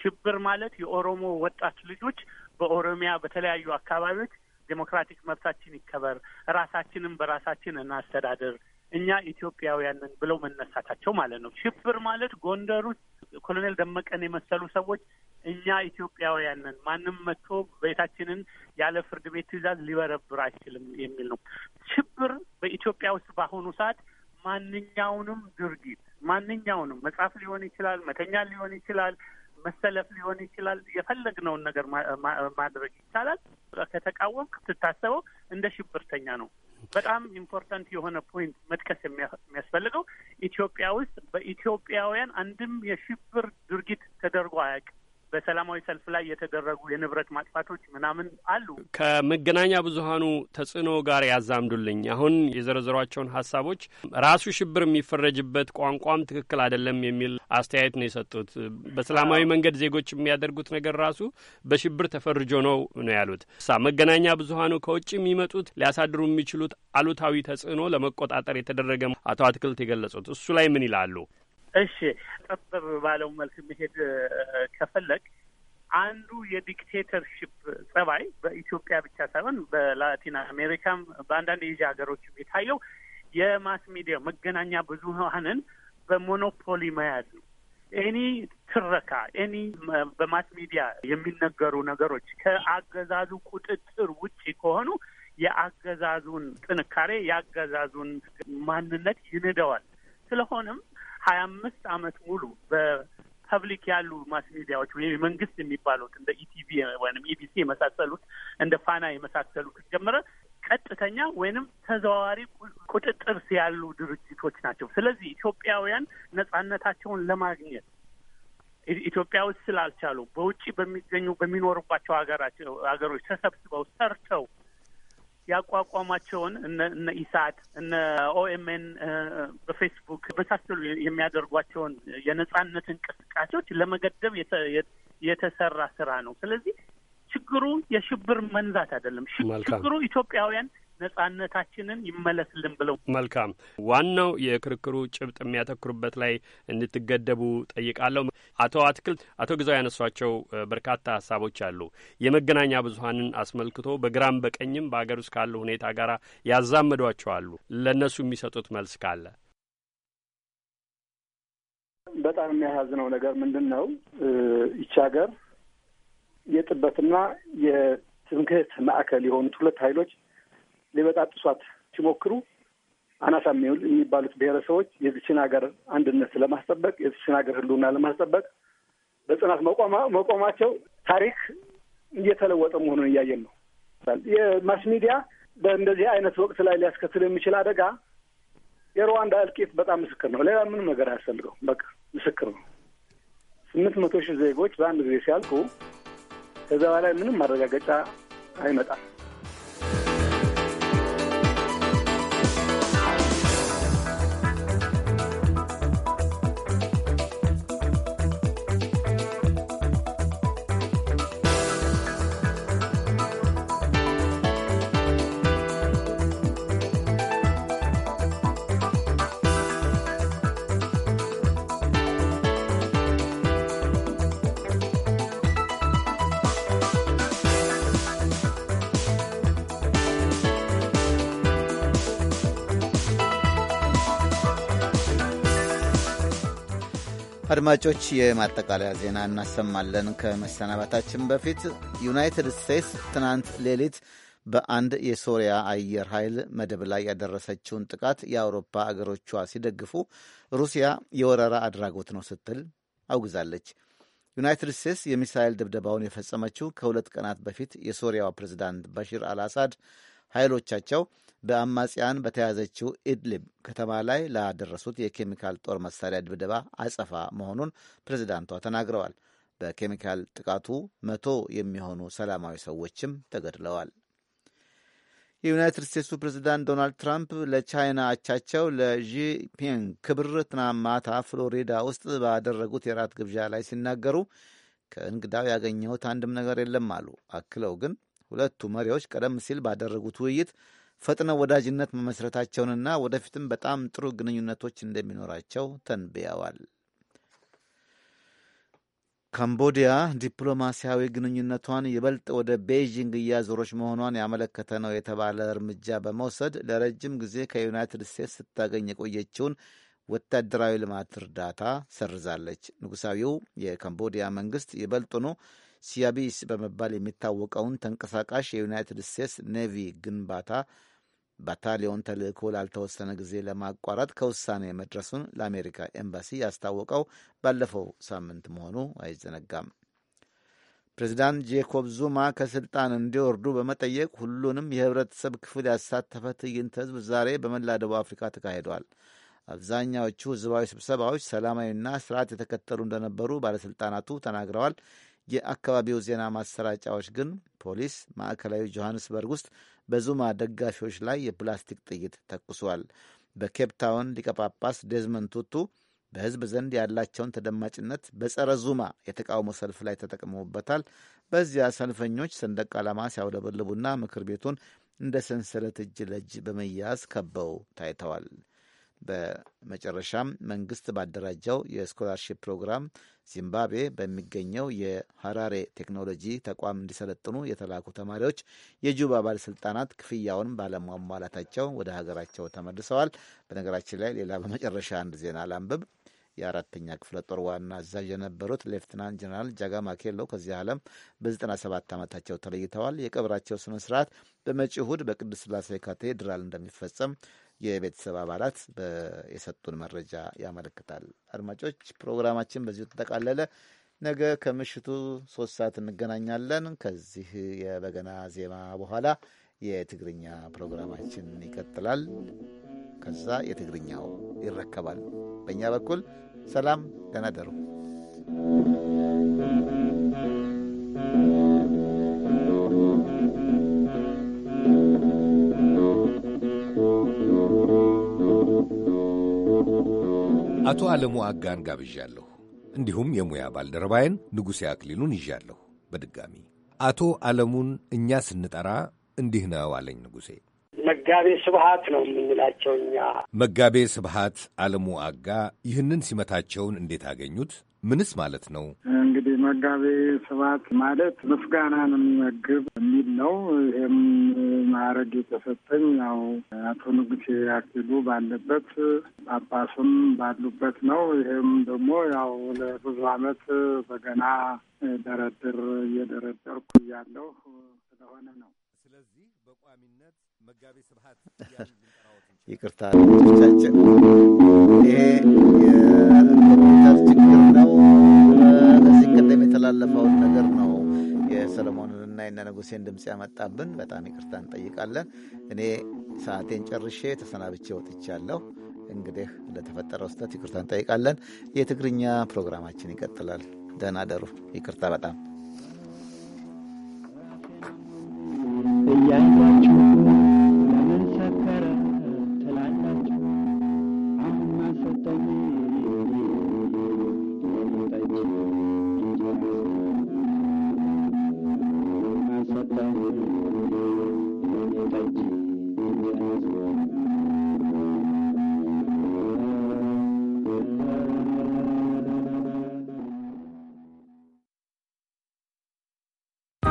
ሽብር ማለት የኦሮሞ ወጣት ልጆች በኦሮሚያ በተለያዩ አካባቢዎች ዴሞክራቲክ መብታችን ይከበር፣ ራሳችንን በራሳችን እናስተዳደር፣ እኛ ኢትዮጵያውያንን ብለው መነሳታቸው ማለት ነው። ሽብር ማለት ጎንደር ውስጥ ኮሎኔል ደመቀን የመሰሉ ሰዎች እኛ ኢትዮጵያውያንን ማንም መጥቶ ቤታችንን ያለ ፍርድ ቤት ትዕዛዝ ሊበረብር አይችልም የሚል ነው። ሽብር በኢትዮጵያ ውስጥ በአሁኑ ሰዓት ማንኛውንም ድርጊት ማንኛውንም መጻፍ ሊሆን ይችላል፣ መተኛ ሊሆን ይችላል፣ መሰለፍ ሊሆን ይችላል። የፈለግነውን ነገር ማድረግ ይቻላል። ከተቃወም ስትታሰበው እንደ ሽብርተኛ ነው። በጣም ኢምፖርታንት የሆነ ፖይንት መጥቀስ የሚያስፈልገው ኢትዮጵያ ውስጥ በኢትዮጵያውያን አንድም የሽብር ድርጊት ተደርጎ አያውቅም። በሰላማዊ ሰልፍ ላይ የተደረጉ የንብረት ማጥፋቶች ምናምን አሉ። ከመገናኛ ብዙሀኑ ተጽዕኖ ጋር ያዛምዱልኝ። አሁን የዘረዘሯቸውን ሀሳቦች ራሱ ሽብር የሚፈረጅበት ቋንቋም ትክክል አይደለም የሚል አስተያየት ነው የሰጡት። በሰላማዊ መንገድ ዜጎች የሚያደርጉት ነገር ራሱ በሽብር ተፈርጆ ነው ነው ያሉት። ሳ መገናኛ ብዙሀኑ ከውጭ የሚመጡት ሊያሳድሩ የሚችሉት አሉታዊ ተጽዕኖ ለመቆጣጠር የተደረገ አቶ አትክልት የገለጹት እሱ ላይ ምን ይላሉ? እሺ፣ ጠበብ ባለው መልክ መሄድ ከፈለግ አንዱ የዲክቴተርሽፕ ጸባይ በኢትዮጵያ ብቻ ሳይሆን በላቲን አሜሪካም በአንዳንድ የኤዥያ ሀገሮች የታየው የማስ ሚዲያ መገናኛ ብዙኃንን በሞኖፖሊ መያዝ ነው። ኤኒ ትረካ ኤኒ በማስ ሚዲያ የሚነገሩ ነገሮች ከአገዛዙ ቁጥጥር ውጭ ከሆኑ የአገዛዙን ጥንካሬ የአገዛዙን ማንነት ይንደዋል። ስለሆነም ሀያ አምስት አመት ሙሉ በፐብሊክ ያሉ ማስ ሚዲያዎች ወይም የመንግስት የሚባሉት እንደ ኢቲቪ ወይም ኢቢሲ የመሳሰሉት እንደ ፋና የመሳሰሉት ጀምረ ቀጥተኛ ወይንም ተዘዋዋሪ ቁጥጥር ያሉ ድርጅቶች ናቸው። ስለዚህ ኢትዮጵያውያን ነጻነታቸውን ለማግኘት ኢትዮጵያ ውስጥ ስላልቻሉ በውጭ በሚገኙ በሚኖሩባቸው ሀገራቸው ሀገሮች ተሰብስበው ሰርተው ያቋቋማቸውን እነ ኢሳት እነ ኦኤምኤን በፌስቡክ በመሳሰሉ የሚያደርጓቸውን የነጻነት እንቅስቃሴዎች ለመገደብ የተሰራ ስራ ነው። ስለዚህ ችግሩ የሽብር መንዛት አይደለም። ችግሩ ኢትዮጵያውያን ነጻነታችንን ይመለስልን ብለው መልካም ዋናው የክርክሩ ጭብጥ የሚያተኩሩበት ላይ እንድትገደቡ ጠይቃለሁ። አቶ አትክልት አቶ ግዛው ያነሷቸው በርካታ ሀሳቦች አሉ። የመገናኛ ብዙሀንን አስመልክቶ በግራም በቀኝም በሀገር ውስጥ ካለው ሁኔታ ጋር ያዛመዷቸዋሉ። ለእነሱ የሚሰጡት መልስ ካለ በጣም የሚያሳዝነው ነገር ምንድን ነው? ይቺ ሀገር የጥበትና የትምክህት ማዕከል የሆኑት ሁለት ኃይሎች ሊበጣጥሷት ሲሞክሩ አናሳም የሚባሉት ብሔረሰቦች የዚችን ሀገር አንድነት ለማስጠበቅ የዚችን ሀገር ሕልውና ለማስጠበቅ በጽናት መቆማቸው ታሪክ እየተለወጠ መሆኑን እያየን ነው። የማስ ሚዲያ በእንደዚህ አይነት ወቅት ላይ ሊያስከትል የሚችል አደጋ የሩዋንዳ እልቂት በጣም ምስክር ነው። ሌላ ምንም ነገር አያስፈልገው፣ በቃ ምስክር ነው። ስምንት መቶ ሺህ ዜጎች በአንድ ጊዜ ሲያልቁ ከዛ በላይ ምንም ማረጋገጫ አይመጣም። አድማጮች የማጠቃለያ ዜና እናሰማለን። ከመሰናባታችን በፊት ዩናይትድ ስቴትስ ትናንት ሌሊት በአንድ የሶሪያ አየር ኃይል መደብ ላይ ያደረሰችውን ጥቃት የአውሮፓ አገሮቿ ሲደግፉ ሩሲያ የወረራ አድራጎት ነው ስትል አውግዛለች። ዩናይትድ ስቴትስ የሚሳኤል ድብደባውን የፈጸመችው ከሁለት ቀናት በፊት የሶሪያው ፕሬዚዳንት ባሽር አልአሳድ ኃይሎቻቸው በአማጽያን በተያዘችው ኢድሊብ ከተማ ላይ ላደረሱት የኬሚካል ጦር መሳሪያ ድብደባ አጸፋ መሆኑን ፕሬዚዳንቷ ተናግረዋል። በኬሚካል ጥቃቱ መቶ የሚሆኑ ሰላማዊ ሰዎችም ተገድለዋል። የዩናይትድ ስቴትሱ ፕሬዚዳንት ዶናልድ ትራምፕ ለቻይና አቻቸው ለዢፒንግ ክብር ትናንት ማታ ፍሎሪዳ ውስጥ ባደረጉት የራት ግብዣ ላይ ሲናገሩ ከእንግዳው ያገኘሁት አንድም ነገር የለም አሉ። አክለው ግን ሁለቱ መሪዎች ቀደም ሲል ባደረጉት ውይይት ፈጥነው ወዳጅነት መመስረታቸውንና ወደፊትም በጣም ጥሩ ግንኙነቶች እንደሚኖራቸው ተንብየዋል። ካምቦዲያ ዲፕሎማሲያዊ ግንኙነቷን ይበልጥ ወደ ቤይዥንግ እያዞረች መሆኗን ያመለከተ ነው የተባለ እርምጃ በመውሰድ ለረጅም ጊዜ ከዩናይትድ ስቴትስ ስታገኝ የቆየችውን ወታደራዊ ልማት እርዳታ ሰርዛለች። ንጉሳዊው የካምቦዲያ መንግስት ይበልጡኑ ሲያቢስ በመባል የሚታወቀውን ተንቀሳቃሽ የዩናይትድ ስቴትስ ኔቪ ግንባታ ባታሊዮን ተልእኮ ላልተወሰነ ጊዜ ለማቋረጥ ከውሳኔ መድረሱን ለአሜሪካ ኤምባሲ ያስታወቀው ባለፈው ሳምንት መሆኑ አይዘነጋም። ፕሬዚዳንት ጄኮብ ዙማ ከስልጣን እንዲወርዱ በመጠየቅ ሁሉንም የህብረተሰብ ክፍል ያሳተፈ ትዕይንተ ህዝብ ዛሬ በመላ ደቡብ አፍሪካ ተካሂደዋል። አብዛኛዎቹ ህዝባዊ ስብሰባዎች ሰላማዊና ስርዓት የተከተሉ እንደነበሩ ባለሥልጣናቱ ተናግረዋል። የአካባቢው ዜና ማሰራጫዎች ግን ፖሊስ ማዕከላዊ ጆሐንስበርግ ውስጥ በዙማ ደጋፊዎች ላይ የፕላስቲክ ጥይት ተኩሷል። በኬፕታውን ሊቀጳጳስ ዴዝመንድ ቱቱ በሕዝብ ዘንድ ያላቸውን ተደማጭነት በጸረ ዙማ የተቃውሞ ሰልፍ ላይ ተጠቅመውበታል። በዚያ ሰልፈኞች ሰንደቅ ዓላማ ሲያውለበልቡና ምክር ቤቱን እንደ ሰንሰለት እጅ ለእጅ በመያዝ ከበው ታይተዋል። በመጨረሻም መንግስት ባደራጀው የስኮላርሺፕ ፕሮግራም ዚምባብዌ በሚገኘው የሐራሬ ቴክኖሎጂ ተቋም እንዲሰለጥኑ የተላኩ ተማሪዎች የጁባ ባለስልጣናት ክፍያውን ባለሟሟላታቸው ወደ ሀገራቸው ተመልሰዋል። በነገራችን ላይ ሌላ በመጨረሻ አንድ ዜና ላንብብ። የአራተኛ ክፍለ ጦር ዋና አዛዥ የነበሩት ሌፍትናንት ጀነራል ጃጋ ማኬሎ ከዚህ ዓለም በ97 ዓመታቸው ተለይተዋል። የቀብራቸው ስነ ስርዓት በመጪው እሁድ በቅዱስ ስላሴ ካቴድራል እንደሚፈጸም የቤተሰብ አባላት የሰጡን መረጃ ያመለክታል። አድማጮች ፕሮግራማችን በዚሁ ተጠቃለለ። ነገ ከምሽቱ ሶስት ሰዓት እንገናኛለን። ከዚህ የበገና ዜማ በኋላ የትግርኛ ፕሮግራማችን ይቀጥላል። ከዛ የትግርኛው ይረከባል። በእኛ በኩል ሰላም፣ ደህና ደሩ። አቶ ዓለሙ አጋን ጋብዣለሁ። እንዲሁም የሙያ ባልደረባዬን ንጉሴ አክሊሉን ይዣለሁ። በድጋሚ አቶ ዓለሙን እኛ ስንጠራ እንዲህ ነው አለኝ ንጉሴ። መጋቤ ስብሐት ነው የምንላቸው እኛ። መጋቤ ስብሐት አለሙ አጋ ይህንን ሲመታቸውን እንዴት አገኙት? ምንስ ማለት ነው? መጋቤ ሰባት ማለት ምስጋናን የሚመግብ የሚል ነው። ይህም ማዕረግ የተሰጠኝ ያው አቶ ንጉሴ አክሊሉ ባለበት ጳጳሱም ባሉበት ነው። ይህም ደግሞ ያው ለብዙ ዓመት በገና ደረድር እየደረደርኩ እያለሁ ስለሆነ ነው። ስለዚህ በቋሚነት መጋቤ ስብሐት ይቅርታ ቻችን ይሄ የተላለፈውን ነገር ነው የሰለሞንንና የነንጉሴን ድምፅ ያመጣብን። በጣም ይቅርታ እንጠይቃለን። እኔ ሰዓቴን ጨርሼ ተሰናብቼ ወጥቻለሁ። እንግዲህ ለተፈጠረው ስህተት ይቅርታ እንጠይቃለን። የትግርኛ ፕሮግራማችን ይቀጥላል። ደህና ደሩ። ይቅርታ በጣም